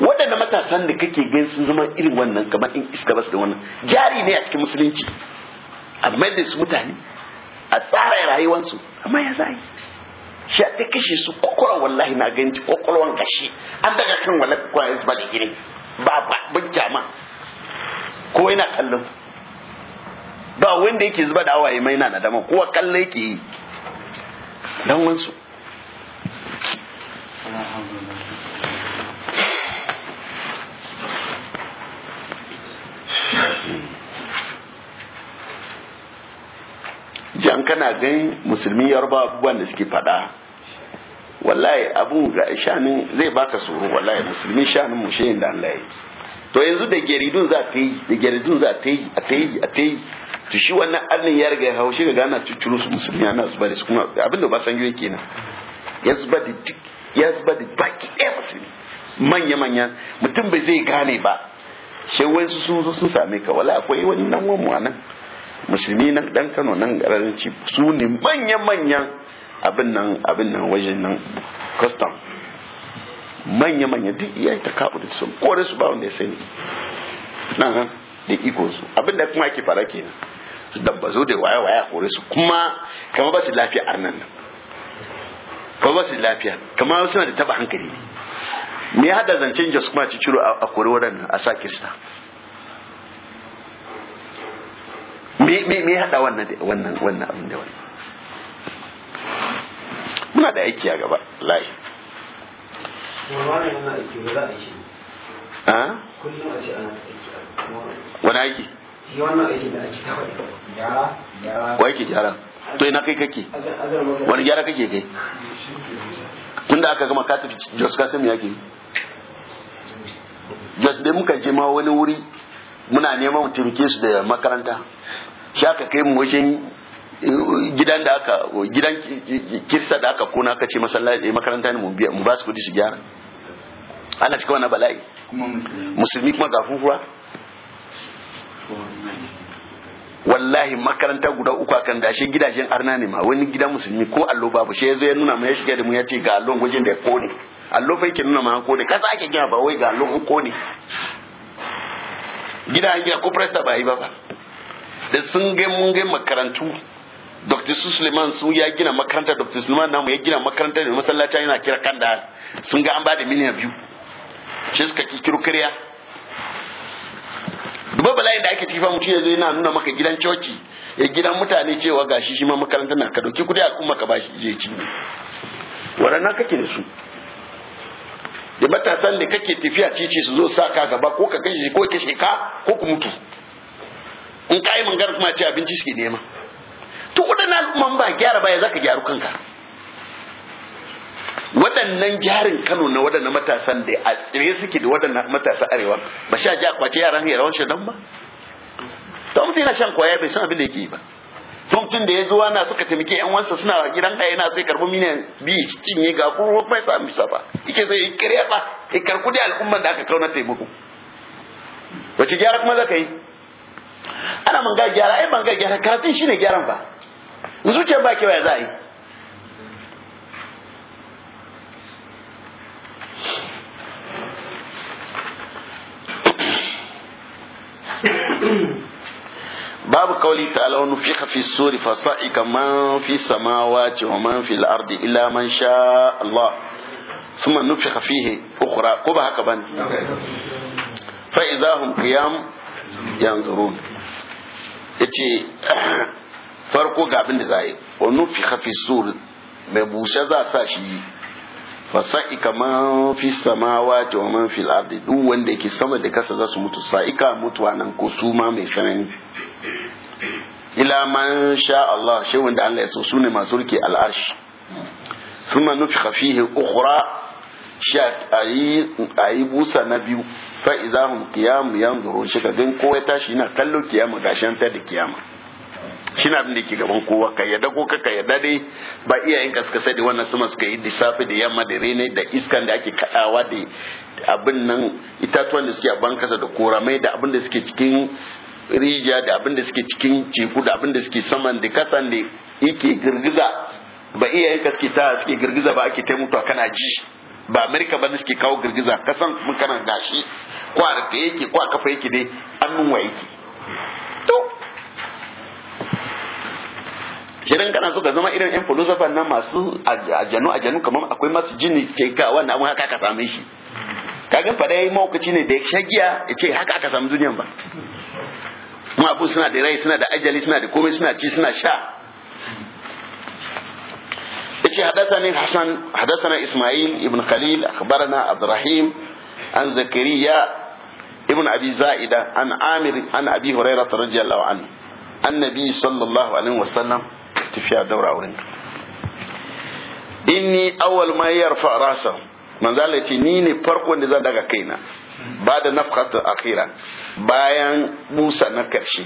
waɗanda matasan da kake gani sun zama irin wannan kamar in iska basu da wannan jari ne a cikin musulunci a mai da su mutane a tsara rayuwarsu amma ya zai shi ta kashe su kokora wallahi na ganin ta gashi an daga kan wallahi kwanan su ba da gini ba ba jama ko yana kallon ba wanda yake zuba da awaye mai na nadama kowa kallon yake yi dan wansu jan kana gani musulmi yarba abubuwan da suke fada wallahi abun ga shanin zai baka tsoro wallahi musulmi shanin mu shi da Allah ya to yanzu da geridun za ta yi da geridun za ta yi a ta yi a ta yi to shi wannan arnin ya riga ya hau shi ga gana cuccuru su musulmi ana su da su kuma abinda ba san yake kenan ya zuba da duk ya zuba da baki ɗaya musulmi manya manya mutum bai zai gane ba shi wai su sun zo sun same ka wala akwai wani nan wani musulmi nan dan Kano nan garanci su ne manya manyan abin nan abin nan wajen nan custom manya-manya duk iya ta kaɓu da su kore su ba wanda ya sani nan da iko su abin da kuma ake fara kenan su dabba zo da waya-waya kore su kuma kama ba su lafiya a nan kama ba su lafiya kama suna da taba hankali ne me ya hada zancen jos kuma ci ciro a kore waɗannan a sa kirista me ya hada wannan abin da wannan muna da aiki a gaba layi wani aiki aiki ke gyara to ina kai kake wani gyara kake kai tunda aka gama ka tafi jos ka san me yake jos dai muka je ma wani wuri muna neman taimake su da makaranta shi aka kai mu wajen gidan da aka gidan kissa da aka kona aka ce masallaci eh, makaranta ne mu ba su kudi su gyara ana cikin wannan bala'i musulmi kuma gafin fura wallahi makaranta guda uku akan dashe gidajen arna ne ma wani gidan musulmi ko allo babu shi yazo ya nuna mai ya shiga da mu ya ce ga allon wajen da ya kone allo fa yake nuna ma ko ne kasa ake gina ba wai ga allon ko ne gida an gina ko presta ba yi ba ba da sun ga mun ga makarantu Dr. Suleiman su ya gina makarantar Dr. Suleiman namu ya gina makarantar da masallaci yana kira kan da sun ga an ba da miliyan biyu shi suka kikiro kariya duba bala da ake cikin mutum yanzu yana nuna maka gidan coci ya gidan mutane cewa ga shi ma makarantar na ka dauki kudi a kuma ka bashi je ci waɗannan kake da su da matasan da kake tafiya cici su zo sa ka gaba ko ka kashe ko ka ka ko ku mutu in ka yi garin kuma ce abinci shi nema to waɗannan al'umman ba gyara baya zaka gyaru kanka waɗannan jarin Kano na waɗannan matasan da a tsire suke da waɗannan matasa arewa ba sha ja kwace yaran yaran shadan ba to mutum yana shan kwaya bai san abin da yake yi ba tun da ya zuwa na suka taimake yan wansa suna gidan ɗaya na sai karbi miliyan biyu cinye ga kuma mai sa ba yake sai ya ba ya karku da al'umman da aka kauna taimako wace gyara kuma zaka yi ana manga gyara ai manga gyara karatun shine gyaran ba zuciyar ba kewa ya za a yi babu kauli ta'ala wa nufiqa fi suri man fi samawati wa man fi al-ardi illa man sha Allah thumma fihi ukhra ko ba haka bane fa idahum qiyam yanzurun yace farko ga abin da za a yi wa nufi hafi sur mai bushe za a sa shi fasa'ika man fi samawati wa man fil duk wanda yake sama da kasa za su mutu sa'ika mutuwa nan ko suma mai sanani ila man sha Allah shi wanda Allah ya so su ne masu rike al'arshi suma nufi fihi ukhra ayi busa na biyu fa kiyamu yanzu, yanzurun shi ka gan kowa tashi yana kallo kiyama gashin ta da kiyama shi abin da yake gaban kowa ka yadda ko ka yadda dai ba iya ka suka da wannan sama suka yi da safe da yamma da rene da iskan da ake kaɗawa da abin nan itatuwan da suke a bankasa da koramai da abin da suke cikin rijiya da abin da suke cikin ciku da abin da suke saman da kasan da yake girgiza ba iya yin kaske ta suke girgiza ba ake taimutuwa kana ji ba amerika ba suke kawo girgiza kasan mun kana gashi kwa da yake kwa kafa yake dai annun wa yake to kiran kana so ka zama irin yan philosopher nan masu ajanu ajanu kamar akwai masu jini ce ka wannan abun haka aka same shi kaga fada yayi maukaci ne da ya shagiya ya ce haka aka samu duniyan ba mu abun suna da rai suna da ajali suna da komai suna ci suna sha yace hadathani hasan hadathana isma'il ibn khalil akhbarana abdurrahim an zakariya ابن أبي زائدة an عامر عن أبي هريرة رضي الله عنه النبي صلى الله عليه وسلم tafiya daura wurin inni awal ma yarfa rasa manzo Allah ce ni ne farkon da zan daga kaina ba da nafkatu akhira bayan Musa na karshe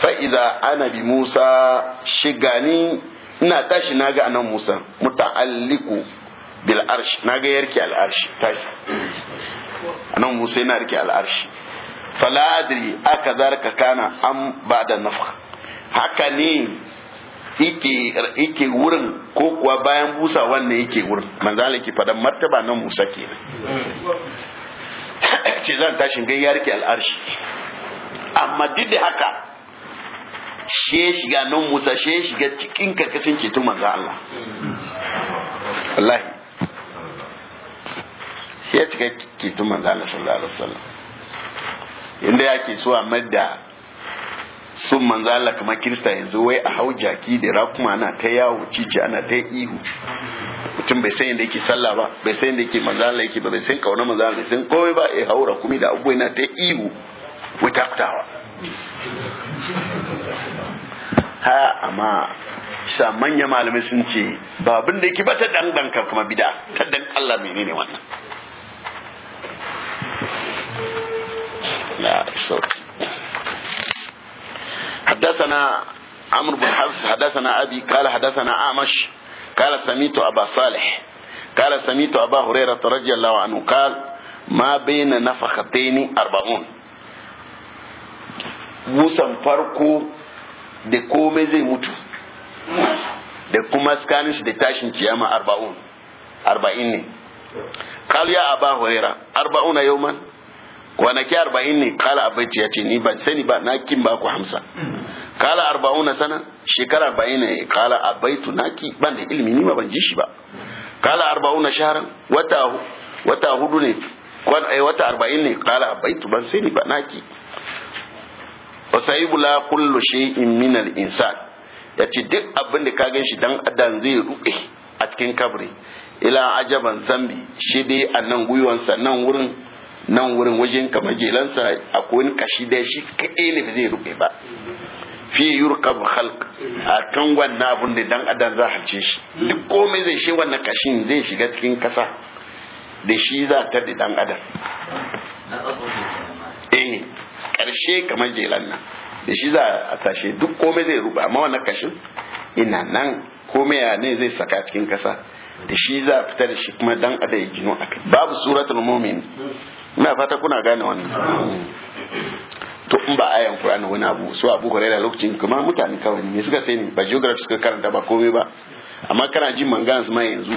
fa idza ana bi Musa shigani ina tashi naga anan Musa muta'alliku bil arsh naga yarki al arsh tashi anan Musa yana rike al arsh fala adri aka zarka kana am ba da nafkh haka ne yake wurin ko kuwa bayan busa wannan yake wurin manzo Allah yake fadan martaba na Musa kenan ce zan tashi gai ya rike al'arshi amma duk da haka she shiga nan Musa she shiga cikin karkashin ceton manzo Allah wallahi shi ya cika ceton manzo Allah sallallahu alaihi wasallam inda yake so a madda sun manzo Allah kamar kirista yanzu wai a hau jaki da rakuma ana ta yawo cici ana ta ihu mutum bai san yadda yake sallah ba bai san yadda yake manzo Allah yake ba bai san kauna manzo Allah bai san komai ba eh haura kuma da abubuwa yana ta ihu wata kutawa ha amma sa manya malamai sun ce abin da yake ba ta dan danka kuma bida ta dan Allah menene wannan la so حدثنا عمرو بن حفص حدثنا أبي قال حدثنا أعمش قال سميت أبا صالح قال سميت أبا هريرة رضي الله عنه قال ما بين نفختين أربعون musan farko da komai zai mutu da kuma skanis da tashin kiyama arba'un arba'in ne kal ya aba huraira arba'una yawman kwanaki arba'in ne kala abinci ya ce ni ban sani ba na kin ba ku hamsa kala arba'un na sana shekara arba'in ne kala abaitu na ki ban da ilimi ni ma ban ji shi ba kala arba'un na shaharan wata wata hudu ne eh, wata arba'in ne kala abaitu ban sani ba na ki Wasaibula la kullu shay'in min al insan ce duk abin da ka gan shi dan adam zai ruɓe a cikin kabri ila ajaban zambi shi dai annan nan gwiwansa nan wurin nan wurin wajen ka majelansa a wani kashi da shi kaɗai ne ba zai rufe ba fi yurkab khalq a kan wannan abun da dan adam za a ce shi duk komai zai shi wannan kashin zai shiga cikin kasa da shi za ta da dan adam eh karshe ka jelan nan da shi za a tashe duk komai zai rufe amma wannan kashin ina nan komai ya ne zai saka cikin kasa da shi za a fita da shi kuma dan adam ya jino akai babu suratul mu'min ina fata kuna gane wannan to in ba ayan Qur'ani wani abu so Abu Hurairah lokacin kuma mutane kawai ne suka sai ba geography suka karanta ba komai ba amma kana jin su ma yanzu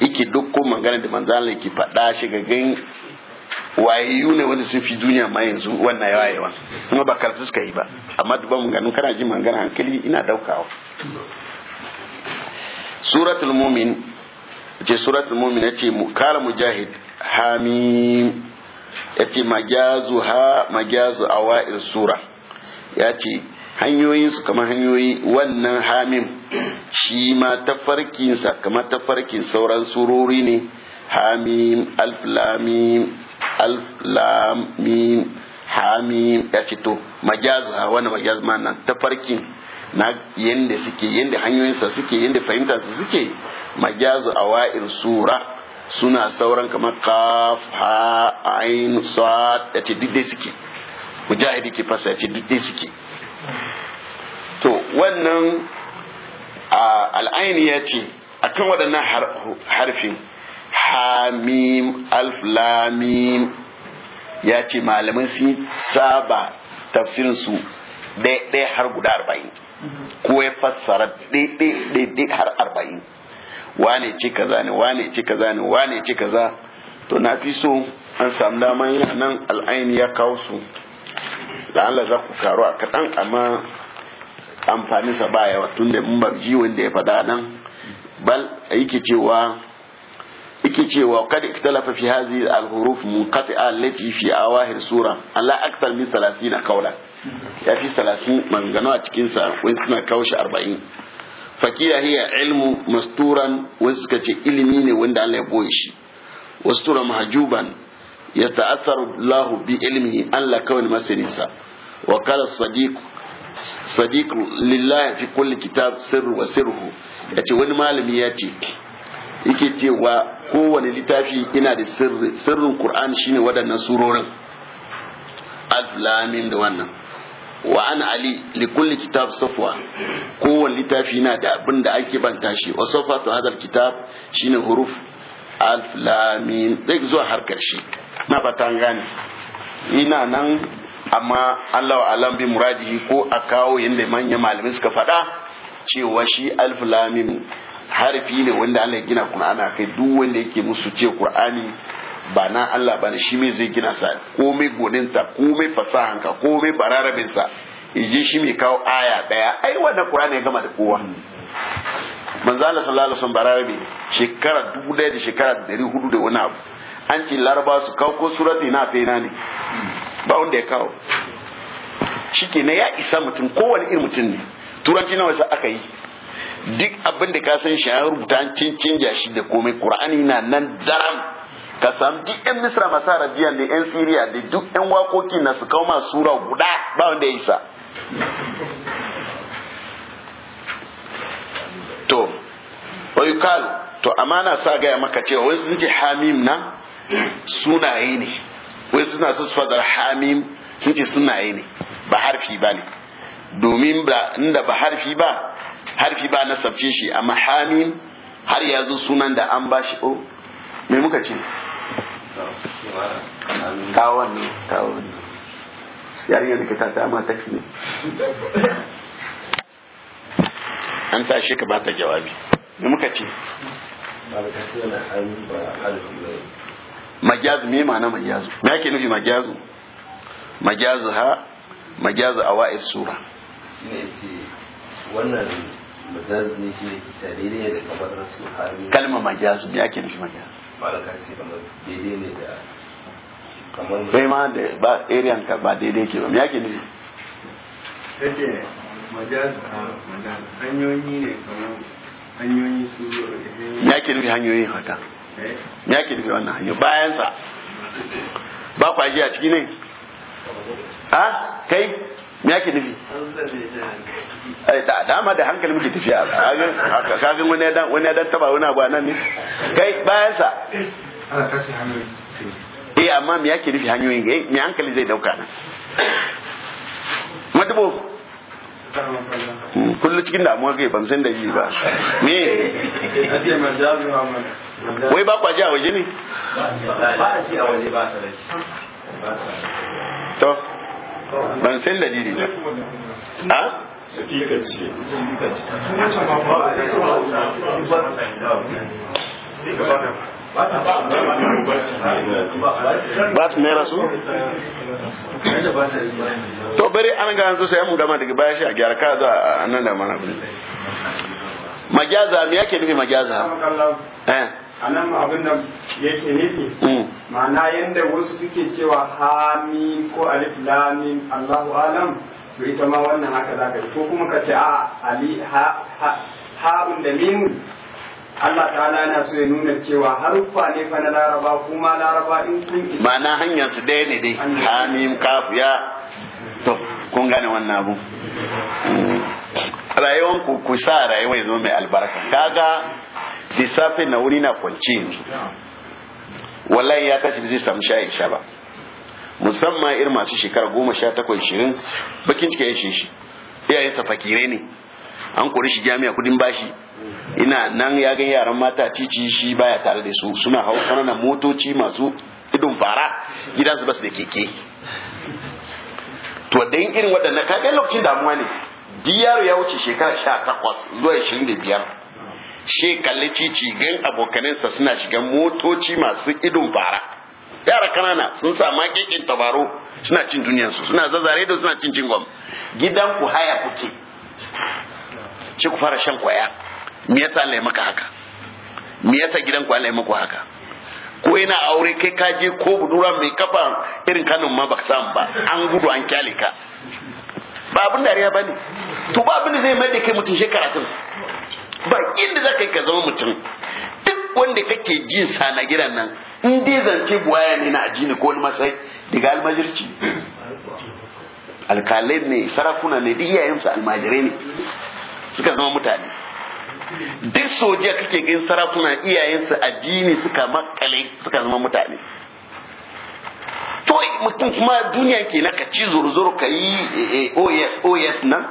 yake ko mangana da manzala yake faɗa shigagin wayayu ne wanda sun fi duniya ma yanzu wannan yawa yawa kuma ba karatu suka yi ba amma ba mangana kana jin mangana hankali ina daukawa suratul mumin ce suratul mumin ce kala mujahid hamim ya ce magyazu ha magyazu awa'il sura ya ce hanyoyinsu kamar hanyoyi wannan hamim shi ma tafarkinsa kamar tafarkin sauran surori ne hamim alflamim alflamim hamim ya ce to majazu ha wani majazu ma nan tafarkin na yadda suke yadda hanyoyinsa suke yadda fahimtarsa suke majazu awa'il sura suna sauran kamar kaf ha ain sad ya ce duk dai suke mujahidi ke fasa ya ce duk dai suke to wannan al'aini ya ce akan waɗannan harfin hamim alf ya ce malamin sun saba tafsirinsu ɗaya har guda arba'in ko ya fassara ɗaya har arba'in wane ce kaza ne wane ce kaza ne wane ce kaza to na fi so an samu dama yana nan al'aini ya kawo su la'ala za ku karu a kaɗan amma sa ba yawa tun da mun ji wanda ya faɗa nan bal yake cewa yake cewa kad ikhtalafa fi hadhihi al-huruf munqati'a allati fi awahir sura alla akthar min 30 qawla ya fi 30 mangano a cikin sa wai suna kawo shi 40 fakiya hiya ilmu masturan wasu suka ce ilimi ne wanda Allah ya boye shi wasu tura mahajuban ya ta'athar lahu bi ilmihi Allah kawai masaninsa wa qala sadiq sadiq lillahi fi kulli kitab sirru wa sirruhu yace wani malami ya ce yake cewa kowane littafi ina da sirri sirrin qur'ani shine wadannan surorin alif lamin da wannan wa an ali li kulli kitab safwa kowane littafi na da abin da ake banta shi wa to hadal kitab shine huruf alf lam mim duk zuwa har karshe na fatan gane ina nan amma Allah alam bi muradihi ko a kawo yanda manyan malamai suka faɗa cewa shi alf lam mim harfi ne wanda Allah ya gina Qur'ani kai duk wanda yake musu ce Qur'ani ba na Allah ba ne shi mai zai gina sa komai goninta komai fasahanka komai sa. Iji shi mai kawo aya daya ai wannan Qur'ani ya gama da kowa manzo Allah sallallahu alaihi wasallam bararabi shekara dubu da shekara dari hudu da wani abu an ce laraba su kawo ko surati na fena ne ba wanda ya kawo shike na ya isa mutum kowane irin mutum ne turanci nawa sai aka yi duk abin da ka san shi an rubuta an cin canja shi da komai qur'ani na nan daram ka samu duk yan misra masu arabiyan da yan siriya da duk yan wakoki na su kawo masu sura guda ba wanda ya isa to oyukalu to amana sa gaya maka cewa wai sun ce hamim na sunaye ne wai suna su fadar hamim sun ce sunaye ne ba harfi ba ne domin ba inda ba harfi ba harfi ba na sabce shi amma hamim har yanzu sunan da an bashi oh me muka ce tawon ne tawon ne yarinyar da ka ta ta ma taxi ne an tashi ka ba ta jawabi me muka ce majazu me ma'ana majazu me ake nufi majazu majazu ha majazu a wa'ir sura wannan majazu ne shi ne sarere da kamar su kalma majazu me ake nufi majazu daidai ne da kamar ma da ba area ka ba daidai ke ba me yake nufi kace ah, majaz hanyoyi ne kamar hanyoyi su me yake nufi hanyoyi haka eh? yake nufi wannan hanyo bayan sa a ciki ne a ah, kai me yake nufi eh, da dama da hankali muke tafiya ga wani dan wani dan taba wani abu nan ne kai bayan sa eh amma me yake nufi hanyoyin eh me hankali zai dauka nan matubo hmm, kullu cikin damuwa kai ban san da yi ba me wai ba kwaje a waje ne ba a ci a waje ba to ban san dalili ba a speaker su? to bari an gansu sai mu gama daga baya shi a gyara ka zuwa nan da mana majaza me yake nufi majaza eh anan abin da yake nufi mm. ma'ana yanda wasu suke cewa hami ko alif lam Allahu alam to ita ma wannan haka zaka ko kuma ka ce a ali ha ha'un da mim Allah ta'ala yana so ya nuna cewa harufa ne fa na laraba kuma laraba in kun ma'ana hanyar su ɗaya ne dai hamim ya to kun gane wannan abu mm. rayuwar ku ku sa rayuwar zama mai albarka kaga lissafi na wuri na kwance yanzu wallahi ya kashi zai samu shayin sha ba musamman irin masu shekara goma sha takwai shirin bakin cika ya shi iyayensa fakire ne an kori shi jami'a kudin bashi ina nan ya gan yaran mata cici shi baya tare da su suna hau kanana motoci masu idon fara gidansu basu da keke to dan irin wadannan kaga lokacin damuwa ne duk yaro ya wuce shekara sha takwas zuwa ishirin da biyar she kalli cici gan abokaninsa suna shigan motoci masu idon fara yara kanana sun sa makekin tabaro suna cin su suna zazzare da suna cin cingom gidan ku haya kuke ce ku fara shan kwaya me yasa Allah ya maka haka me yasa gidan ku Allah ya maka haka ko ina aure kai ka je ko budura mai kafa irin kanin ma baka samu ba an gudu an kyale ka ba abin dariya ba ne to ba abin da zai mai da kai mutum shi karatun ba inda za ka yi ka zama mutum duk wanda kake jin sa na gidan nan in dai zance buwaya ne na ajini ko wani matsayi daga almajirci alkalai ne sarakuna ne duk iyayensu almajirai ne suka zama mutane duk soja kake gan sarakuna iyayensu addini suka makale suka zama mutane to mutum kuma duniya ke na ka ci zurzur ka yi eh, eh, os os nan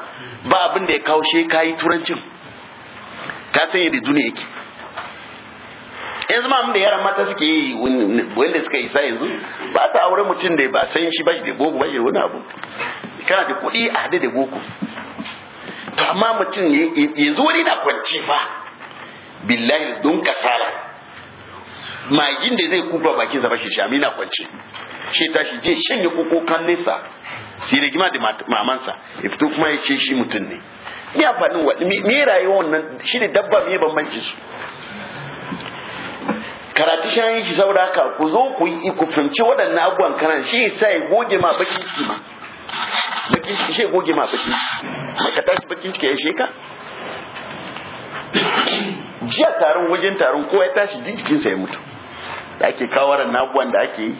ba abin da ya kawo shi ka yi turancin ka san yadda duniya yake yanzu ma da yaran mata suke yi wanda suka isa yanzu ba ta aure mutum da ba san shi ba shi da boko ba shi wani abu kana da kuɗi a hade da boko to amma mutum yanzu wani na kwanci fa billahi don kasala magin da zai kufa bakin sa shi shi na kwance shi tashi je shanye kokokan nesa sai rigima da mamansa ya fito kuma ya ce shi mutum ne me amfanin wani me rayuwa wannan shi ne dabba me bambanci su karatu shi yi shi saboda haka ku zo ku yi ku fahimci waɗannan abubuwan kanan shi sa ya goge ma bakin ciki ma bakin ciki shi ya goge ma bakin ciki mai ka tashi bakin ciki ya sheka jiya taron wajen taron kowa ya tashi jikinsa ya mutu da ake kawo ran nabuwan da ake yi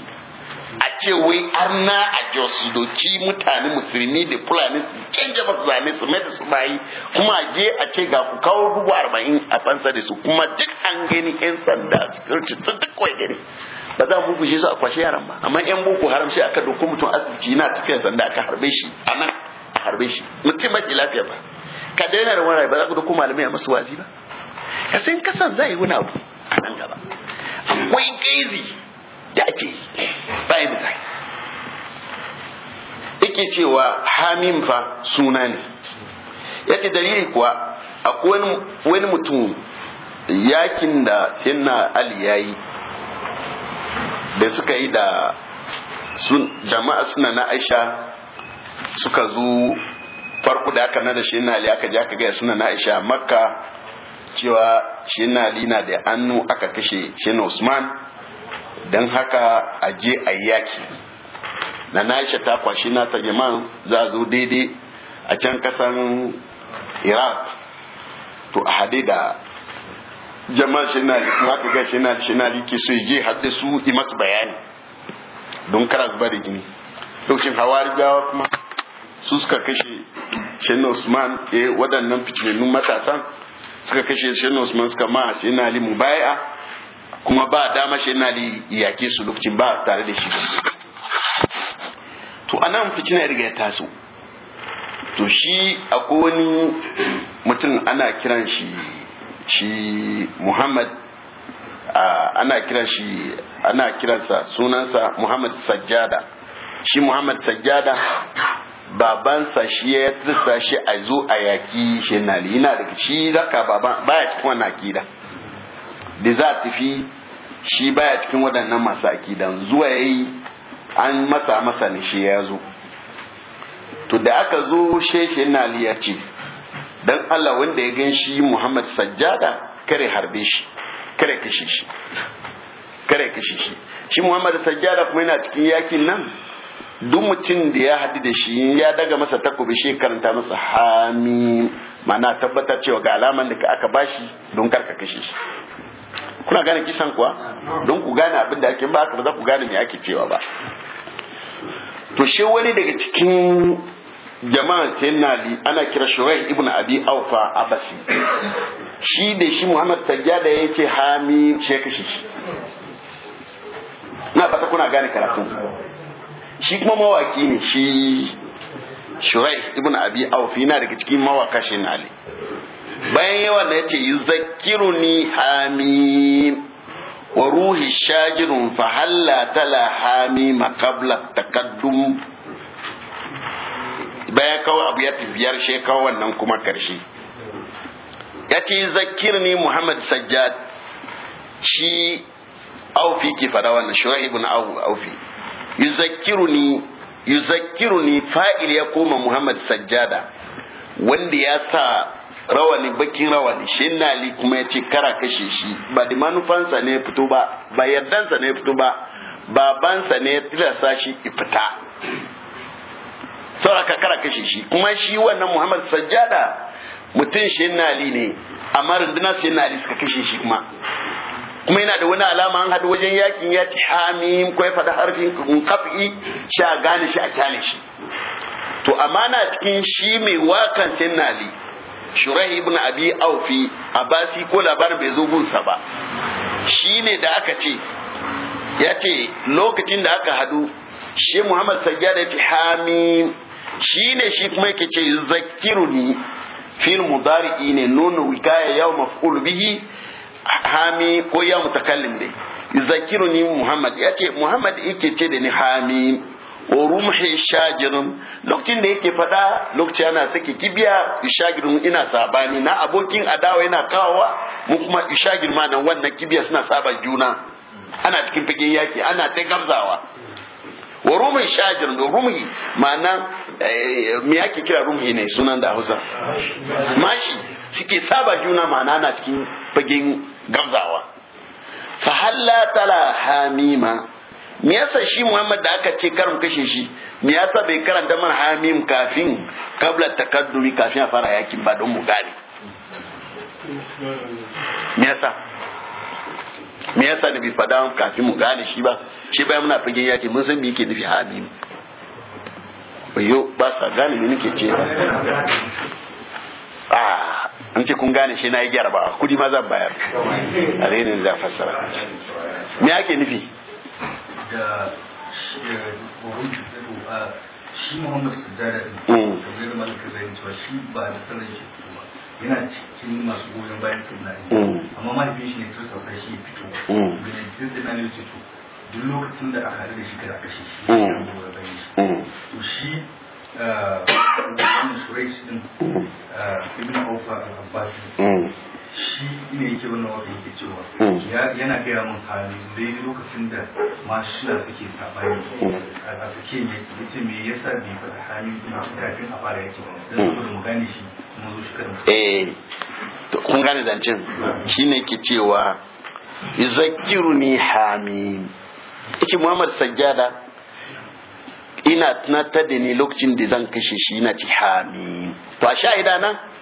a ce wai arna a jos su doki mutane musulmi da fulani su canja su zane su mai da su bayi kuma je a ce ga ku kawo dubu arba'in a fansa da su kuma duk an gani yan sanda security ta duk wai gani ba za mu gushe su a kwashe yaran ba amma yan boko haram sai aka dauko mutum asibiti yana tafiya sanda aka harbe shi a nan a harbe shi mutum ba lafiya ba ka daina da wani ba za ku dauko malamai a masu wazi ba ka san kasan za yi wani abu a nan gaba akwai gaizi da ake yi da zai yake cewa hamim fa suna ne ya dalili kuwa akwai wani mutum yakin da sinna ali ya yi da suka yi da jama'a suna na aisha suka zo farko da aka nada shi ali aka ji aka gaya suna na aisha makka cewa shi ali na da annu aka kashe shi usman don haka a je a yaki na nasha ta kwashi na ta yaman za zo daidai a can kasan iraq to a hade da jama'a shi na ka ga shi na shi na rike su je hadda su yi masu bayani don karas ba da gini lokacin hawari jawa kuma su suka kashe shin usman eh waɗannan fitinannun matasan suka kashe shin usman suka ma shi na ali mubaya kuma ba dama shi yana yake su lokacin ba tare da shi to anan fitina ya riga ya taso to shi akwai wani mutum ana kiran shi shi muhammad ana kiran shi ana kiransa sunansa muhammad sajjada shi muhammad sajjada babansa shi ya tirsa shi a zo a yaki shenali yana da shi zaka baban baya cikin wannan akida da za a tafi shi baya cikin waɗannan masu akidan zuwa ya yi an masa masa ne shi ya zo to da aka zo sheshe na ya ce Allah wanda ya gan shi Muhammad Sajjada kare harbe shi kare kashe shi kare kashe shi shi Muhammad Sajjada kuma yana cikin yakin nan duk mutum da ya haɗu da shi ya daga masa takobi shi karanta masa hami mana tabbatar cewa ga alaman da aka bashi don karka kashe shi kuna gane kisan kuwa don ku gane abin da ake ba ba za ku gane me ake cewa ba to shi wani daga cikin jama'a sayyidina ana kira shurai ibn abi aufa abasi shi da shi muhammad sajjada ya ce hami shekashi shi na fata kuna gane karatu shi kuma mawaki ne shi shurai ibn abi aufi na daga cikin mawaka shi na ali bayan yawan da yace yuzakkiruni hamim wa ruhi shajirun fa halla tala hamim qabla taqaddum bayan kawo abu ya fi biyar she kawo wannan kuma karshe yace yuzakkiruni muhammad sajjad shi aufi ki fara wannan shura'i ibn aufi yuzakkiruni yuzakkiruni fa'il ya koma muhammad sajjada wanda ya sa rawani bakin rawani shi nali kuma ya ce kara kashe shi ba da manufansa ne fito ba ba yardansa ne fito ba babansa ne ya tilasta shi ifita aka kara kashe shi kuma shi wannan muhammad sajjada mutum shi nali ne amma rundunar shi nali suka kashe shi kuma kuma yana da wani alama an haɗu wajen yakin ya ci hamim ya faɗi harfin kafi a gane shi a kyale shi to amana cikin shi mai wakan sai shurahi ibn abi aufi abasi ko labar bai zo gunsa ba shine da aka ce ya ce lokacin da aka hadu shi muhammad sajjada ya ce hamim shine shi kuma yake ce zakiruni fil mudari'i ne nono wikaya yau maf'ul bihi hami ko yau mutakallim ne zakiruni muhammad ya ce muhammad yake ce da ni hamim wa rumhi shajirin. lokacin da yake fada lokaci yana sake kibiya shagirin ina sabani na abokin adawa yana kawowa mu kuma shagir ma nan wannan kibiya suna saba juna ana cikin fagen yaki ana ta gabzawa wa rumhi shajirin da rumhi ma'ana eh, me yake kira rumhi ne sunan da Hausa mashi suke saba juna ma'ana ana cikin fagen gabzawa fa halla tala hamima me yasa shi Muhammad da aka ce karin kashe shi me yasa bai karanta mana hamim kafin kabla takaddumi kafin a fara yakin ba don mu gane me yasa me yasa da bai fada kafin mu gane shi ba shi bayan muna fage yaki mun san me yake nufi hamim bayo ba sa gane me nake ce ah an ce kun gane shi na yi gyara ba kudi ma zan bayar a rainin za fassara me yake nufi da horon cutar a shi muhammad sujjada ɗin kamar da malaka zai cewa shi ba da shi kuma yana cikin masu goyon bayan sunna amma mahaifin shi ne tursa sai shi fito gane sai sai na ne fito duk lokacin da aka haɗu da shi kada aka shi shi yana goyon bayan shi to shi wannan shurai shi ɗin ibn shi ne yake wannan wata yake cewa hmm. yana gaya mun hali dai lokacin da mashina suke sabani a suke ne ya ce me yasa bai faɗa hali kafin a fara yake ba hmm. saboda mu gane shi mu zo shi kan eh kun gane zancen shine ke cewa izakiruni hamim yace Muhammad Sajjada ina tunatar da ni lokacin da zan kashe shi ina ci hamim to a sha idanan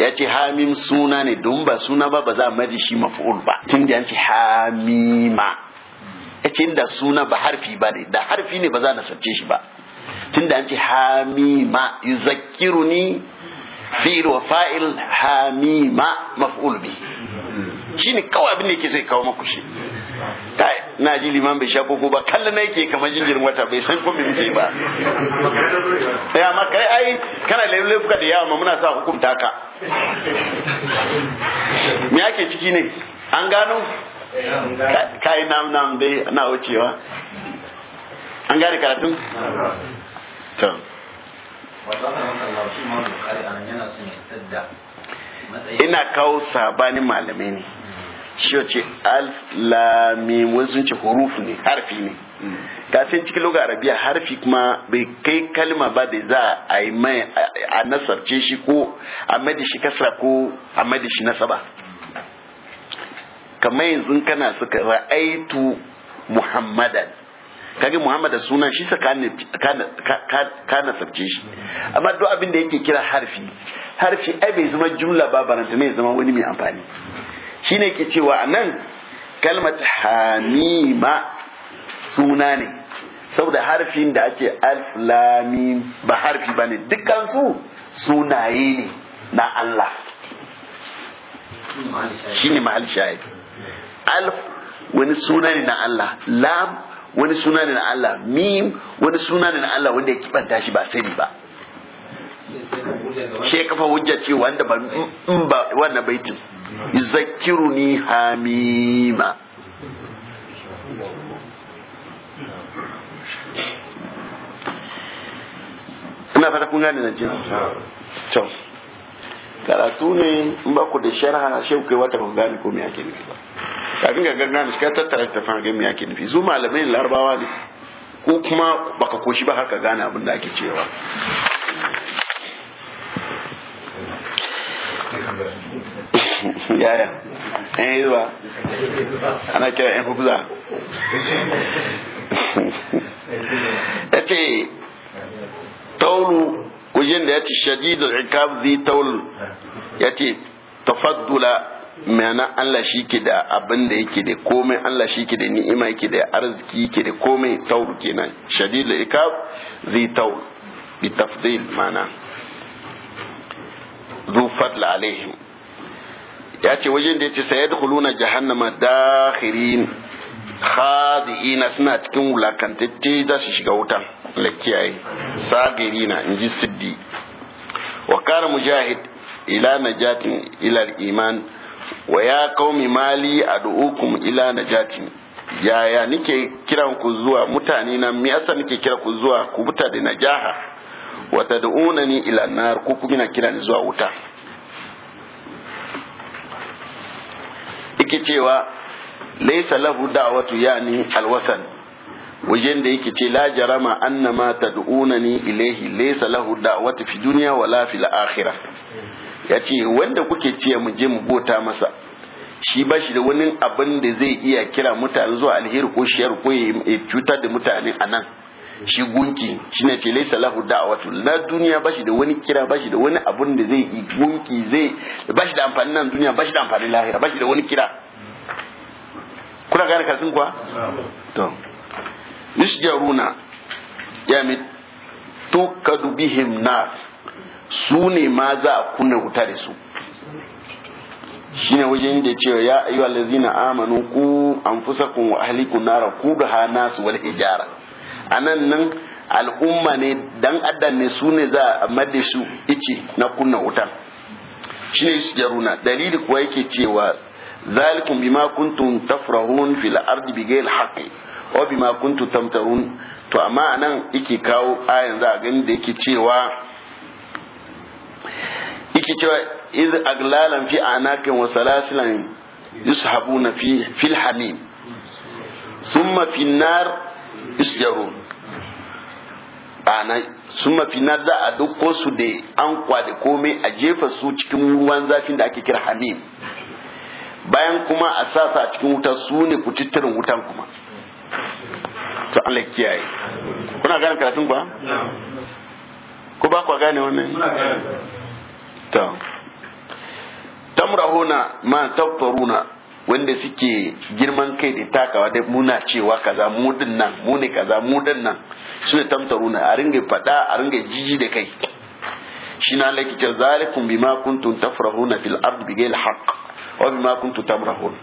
ya ce hamim suna ne don ba suna ba ba za a maji shi maf'ul ba tun da ya ce hamima ya ce inda suna ba harfi ba ne da harfi ne ba za a nasarce shi ba tun da ya ce hamima yuzakkiruni ni wa fa'il hamima maf'ul bi ne kawai abin da yake zai kawo maku kai na ji liman bai sha koko ba kallon na yake kamar jinjirin wata bai san ko muke ba sai amma kai ai kana kuka da yawa muna sa hukunta ka me ake ciki ne an gano kai nam nam dai na wucewa an gane karatun to ina kawo sabanin malamai ne shi ce alf lamim wani sun ce hurufu ne harfi ne hmm. ka sai cikin lokacin arabiya harfi kuma bai kai kalma ba da za a yi mai a nasarce shi ko a madi shi kasra ko a madi shi nasaba kamar yanzu kana suka ra'aitu muhammadan kage muhammad sunan shi sakanin ka nasarce shi amma duk abin da yake kira harfi harfi ai bai zama jumla ba baranta mai zama wani mai amfani shine ke cewa nan kalmat hamima suna ne saboda harfin da ake alif lamim ba harfi bane dukkan su sunaye ne na Allah shine mahal shahid alif wani suna ne na Allah lam wani suna ne na Allah mim wani suna ne na Allah wanda ya kibanta shi ba sani ba shi kafa hujja ce wanda ba wannan baitin zakiruni hamima ina fata kun gane na jin to karatu ne in ba ku da sharha sai ku kai wata ban gane ko me yake nufi ba kafin ga gane shi ka tattara ta fara ga me yake nufi su malamai larabawa ne ko kuma baka koshi ba haka gane abin da ake cewa yaya yi hizba ana kira yan hufza ya ce taulu kujin da ya ce shadidul ikab zai taulu ya ce tafaddula mana Allah shi ke da abin da yake da komai Allah shi ke da ni'ima yake da arziki yake da komai taur kenan da ikab zai taul bi tafdil ma'ana zufar fadl ya ce wajen da ya ce sayar huluna jahannama dakhirin khadi'ina suna cikin wulakantacce za su shiga wutan lakiyaye sagirina in siddi wa kara mujahid ila najatin ila iman wa ya qaumi mali ad'ukum ila najatin yaya nike kiran ku zuwa mutane na me yasa nike kira ku zuwa ku buta da najaha wa tad'unani ila nar ku kuna kira zuwa wuta yake cewa laisa lahu da'watu yani alwasan wajen da yake ce la jarama annama tad'unani ilaihi laisa lahu da'watu fi dunya wala fil akhirah yace wanda kuke ce mu je mu bota masa shi ba shi da wani abin da zai iya kira mutane zuwa alheri ko shiyar ko ya cutar da mutane a nan shi gunki ne ce laisa lahu da'watu na duniya bashi da wani kira bashi da wani abun da zai yi gunki zai bashi da amfani nan duniya bashi da amfani lahira bashi da wani kira kuna gane kasin kuwa to yusjaruna ya mi tukadu bihim nar su ne ma za a kunna wuta da su shine wajen da cewa ya lazina amanu ku anfusakum wa ahlikum nara ha nasu wal hijara anan nan al'umma ne dan adam ne su ne za a made su ice na kunna wutan shi ne su jaruna dalili kuwa yake cewa zalikum bima kuntum tafrahun fil ardi bighayr haqqi wa bima kuntum tamtarun to amma anan yake kawo ayan za a gani da yake cewa yake cewa iz aglalan fi anakin wa salasilan yushabuna fi fil hamim thumma fi nar yusjarun bana sun mafi na za a dukko su da an kwada komai a jefa su cikin ruwan zafin da ake kira hamim bayan kuma a sa su a cikin wutar su ne ku tittirin wutan kuma to Allah kiyaye kuna gane karatun kuwa ko ba ku gane wannan to tamrahuna ma taftaruna wanda suke girman kai da takawa dai muna cewa kaza mu din nan mu ne kaza mu din nan su ne tamtaruna a ringa fada a ringa jiji da kai shi na cewa zalikun bi bima kuntum tafrahuna fil ard bi gail haqq wa bima kuntum tamrahun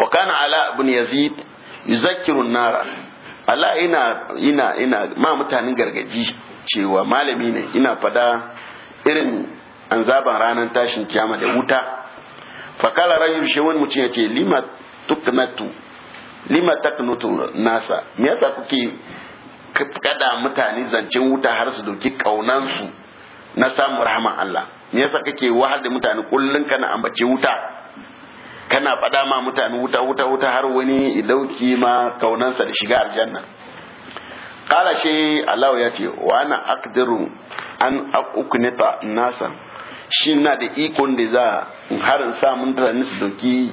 wa kana ala ibn yazid yuzakkiru an-nar ala ina ina ina ma mutanen gargaji cewa malami ne ina fada irin an zaban ranar tashin kiyama da wuta fakala rajul shi wani mutum yace lima tuknatu lima taknutu nasa me yasa kuke kada mutane zancen wuta har su doki kaunansu na samun rahman Allah me yasa kake wahal da mutane kullun kana ambace wuta kana fada ma mutane wuta wuta wuta har wani dauki ma kaunansa da shiga aljanna qala shi Allah ya ce wa ana aqdiru an aqunita nasa shi na da ikon da za harin samun da ni su doki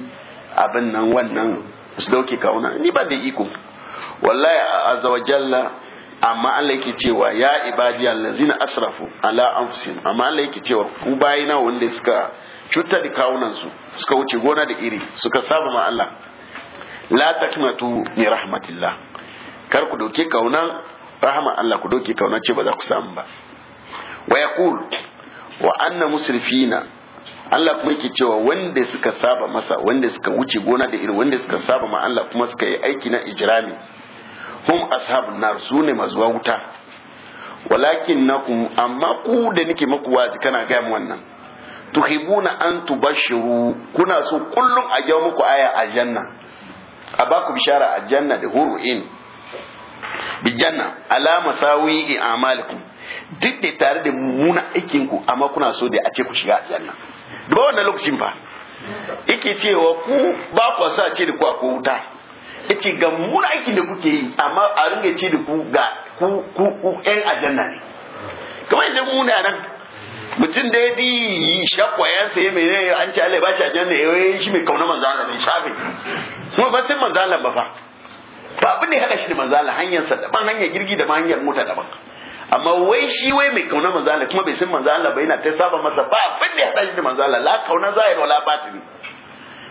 abin nan wannan su doki kauna ni ba da iko wallahi azza wa amma Allah yake cewa ya ibadi allazina asrafu ala anfusihim amma Allah yake cewa ku na wanda suka cutar da kawunan suka wuce gona da iri suka saba ma Allah la taqnatu min rahmatillah kar ku doke kauna rahama Allah ku doke kauna ce ba za ku samu ba wa yaqul wa anna musrifina Allah kuma yake cewa wanda suka saba masa wanda suka wuce gona da iri, wanda suka saba ma Allah kuma suka yi aiki na ijrami hum ashabun nar sune mazuwa wuta walakin nakum amma ku da nake maku wazi kana ga mu wannan tuhibuna an tubashiru kuna so kullum a ga muku aya a janna a baku bishara a janna da huru'in bijanna ala masawi'i amalikum duk da tare da muna aikin ku amma kuna so da a ce ku shiga aljanna ba wannan lokacin ba yake cewa ku ba ku sa ce da ku a wuta yace ga muna aikin da kuke yi amma a ringa ce da ku ga ku ku ɗan aljanna ne kamar yadda muna nan mutum da ya bi ya sai mai ne an ce Allah ba shi aljanna ya shi mai kauna manzo Allah ne shafe kuma ba sai manzo Allah ba fa ba abin da ya hada shi da manzo Allah hanyar sa ban hanyar girgi da hanyar mota ban amma wai shi wai mai kauna manzo Allah kuma bai san manzo Allah ba yana ta saba masa ba abin da ya hada shi da manzo Allah la kauna zahiri wala batini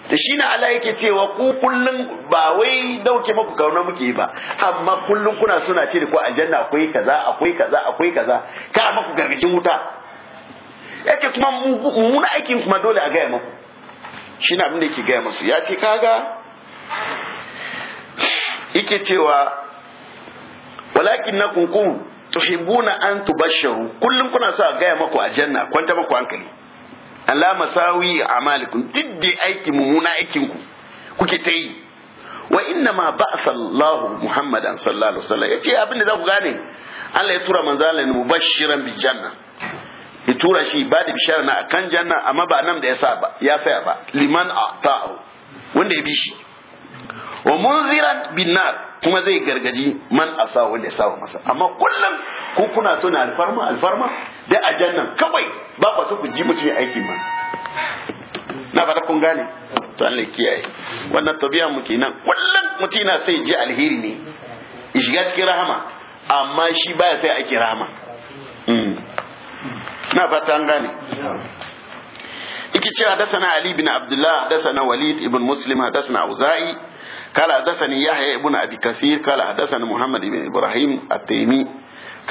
to shine Allah yake cewa ku kullun ba wai dauke muku kauna muke ba amma kullun kuna suna ce da ku aljanna akwai kaza akwai kaza akwai kaza ka maku gargakin wuta Yake kuma mun aikin kuma dole a gaya muku shine abin da yake gaya musu ya ce kaga yake cewa walakin na kunkuru tuhibuna an tubasharu kullum kuna sa a gaya maku a janna kwanta maku hankali Allah masawi amalikum diddi aiki mummuna aikin ku kuke ta yi wa inna ma ba'sa Allah Muhammadan sallallahu alaihi wasallam yace abin da za ku gane Allah ya tura manzo Allah mubashiran bi janna ya tura shi ba da bishara na akan janna amma ba nan da ya sa ba ya saya ba liman ata'u wanda ya bi shi wa munziran bin nar kuma zai gargaji man asa wanda sawa masa amma kullum ku kuna so na alfarma alfarma da ajannan kawai ba ku so ku ji mutum aiki ma na fara kun gane to Allah kiyaye wannan tabiya mu kenan kullum mutum sai ji alheri ne shiga cikin rahama amma shi baya sai ake rahama mm. na fata an gane iki ce hadasana ali bin abdullah hadasana walid ibn muslim hadasana auza'i قال حدثني يحيى بن ابي كثير قال حدثني محمد بن ابراهيم التيمي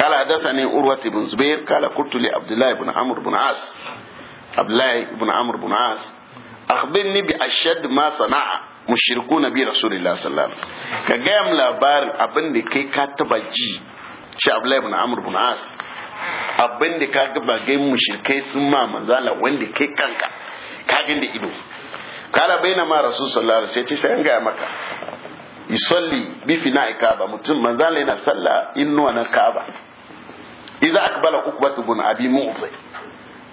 قال حدثني عروة بن زبير قال قلت لعبد الله بن عمرو بن عاص عبد الله بن عمرو بن عاص اخبرني باشد ما صنع مشركون برسول الله صلى الله عليه وسلم كجام لابار ابن دي كي كاتبا جي شي عبد الله بن عمرو بن عاص ابن da ka ga bagai mushirkai sun ma manzala wanda kai kanka ka gani kala bai na ma rasul sallallahu alaihi wasallam sai an gaya maka yusalli bi fina'i kaaba mutum manzala na salla innuwa na kaaba idza akbala ukbatu bin abi mu'zi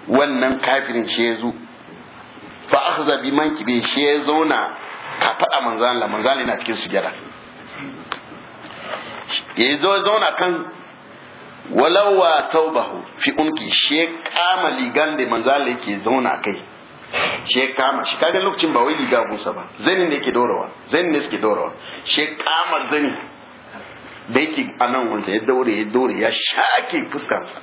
wannan kafirin shi yazo fa akhadha bi mankibi shi ya zauna ka fada manzala manzala na cikin sujada ya zauna kan walawa taubahu fi unki she kama ligan da manzala ke zauna kai shi ya kama shi kaga lokacin ba wai liga gusa ba zanin da yake dorawa zanin da suke dorawa shi ya kama zani da yake a nan wanda ya dore ya dore ya shake fuskansa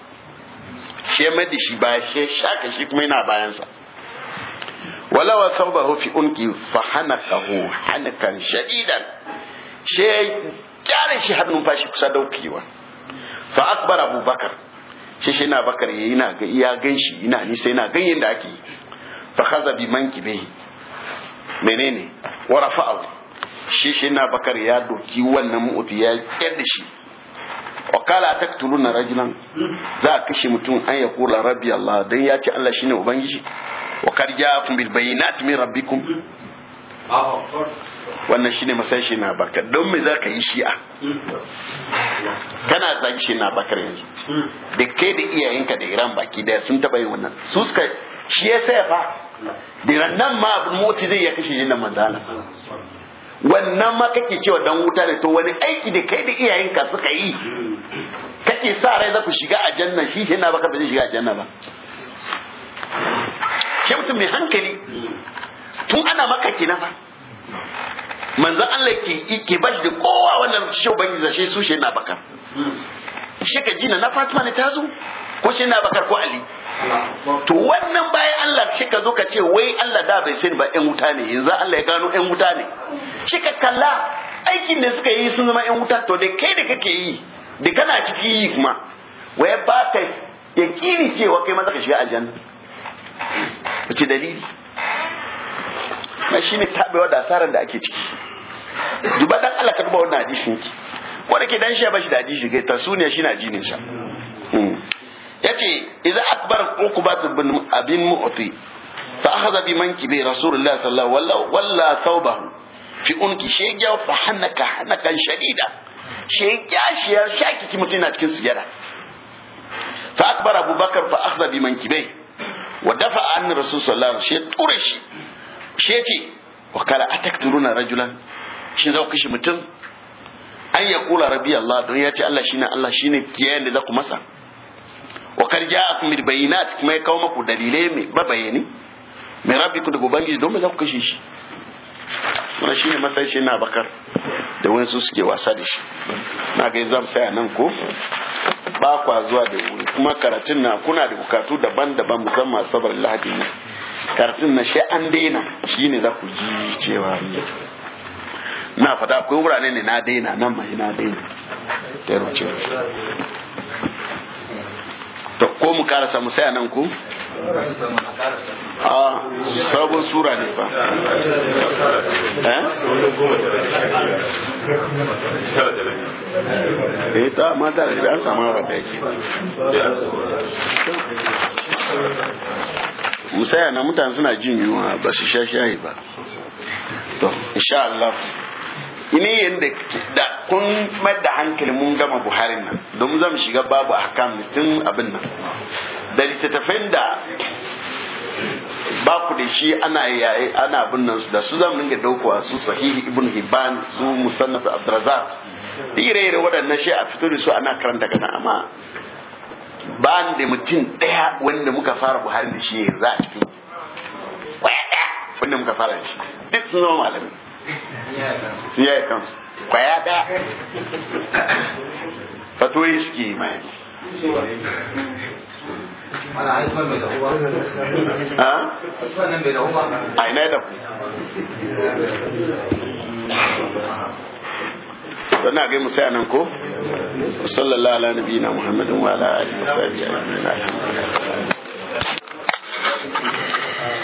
shi ya mai shi ba shi ya shaka shi kuma yana bayansa wala wa sauba fi unki fa hanakahu hanakan shadidan shi ya kyara shi har numfashi kusa daukewa fa akbar abubakar shi shi na bakar ya ya gan shi yana nisa yana ganyen da ake yi fa khaza bi mankibihi menene wa rafa'ahu shi shi na bakar ya doki wannan mu'ti ya kyadda shi wa kala taqtuluna rajulan za a kashe mutum an ya kula rabbi Allah dan ya ce Allah shine ubangiji wa kad ja'akum bil bayinati min rabbikum wannan shine masan shi na bakar don me za ka yi shi'a kana zagi shi na bakar yanzu da kai da iyayenka da iran baki daya sun taba yin wannan su suka shi ya fa Dira nan ma abin moti zai ya kashe jinnan Allah wannan ma kake cewa dan wuta ne to wani aiki da kai da iyayenka suka yi kake sa rai za ku shiga aljanna shi shi na baka ba zai shiga aljanna ba shi mutum mai hankali tun ana maka kina fa manzo Allah ke ke bashi da kowa wannan shi yi shi su shi na baka shi ka jina na Fatima ne ta zo ko shi na bakar ko Ali to wannan bayan Allah shi ka zo ka ce wai Allah da bai sani ba ƴan wuta ne yanzu Allah ya gano ƴan wuta ne shi ka kalla aikin da suka yi sun zama ƴan wuta to da kai da kake yi da kana ciki yi kuma wai ba ka yakini cewa kai ma zaka shiga aljanna wace dalili na ne tabewa da asaran da ake ciki duba dan Allah ka duba wannan hadisin ki wanda ke dan shi ya bashi da hadisi ga tasuniya shi na jinin sa hmm. yace idza akbar uqbat ibn abin mu'ti fa akhadha bi mankibi rasulullah sallallahu alaihi wasallam walla thawbahu fi unki fa hanaka hanakan shadida ya shaki ki mutuna cikin sujada fa akbar abubakar fa akhadha bi mankibi wa dafa an rasul sallallahu alaihi wasallam shi ture shi shi yace wa kala rajulan shi ku mutum an ya kula rabbi Allah don ya Allah shine Allah shine da za ku masa wa kar ja'akum bil bayinat kuma ya kawo maku dalilai mai babayani mai rabbiku daga ubangiji don me za ku shi wannan shine masai na bakar da wani su suke wasa da shi na ga zan sai nan ko ba kwa zuwa da wuri kuma karatun na kuna da bukatu daban-daban musamman sabar lahadi ne karatun na shi an daina shine za ku ji cewa na fada akwai wurare ne na daina nan mai na daina ta to ko mu karasa mu sai nan ku a ah, sabon sura ne fa eh, eh ta ma da an samu rabe ki mu saya nan suna jin yunwa ba su sha shayi ba to insha Allah ini yadda da kun da hankali mun gama buharin nan don zan shiga babu hakan tun abin nan da ta da ba ku da shi ana yayi ana abin nan da su zan ringa daukowa su sahihi ibn hibban su musannaf abdurrazzaq ire-ire waɗannan shi a fito da su ana karanta kana amma ba da mutum daya wanda muka fara buhari da shi yanzu a cikin wanda muka fara da shi duk sun zama malami siya ya kansu kwaya Fato yi suke yi mai a ina da ku don na gaimu sai nan ko sallallahu ala nabi na muhammadin wa ala alihi wa sahbihi na alhamdulillah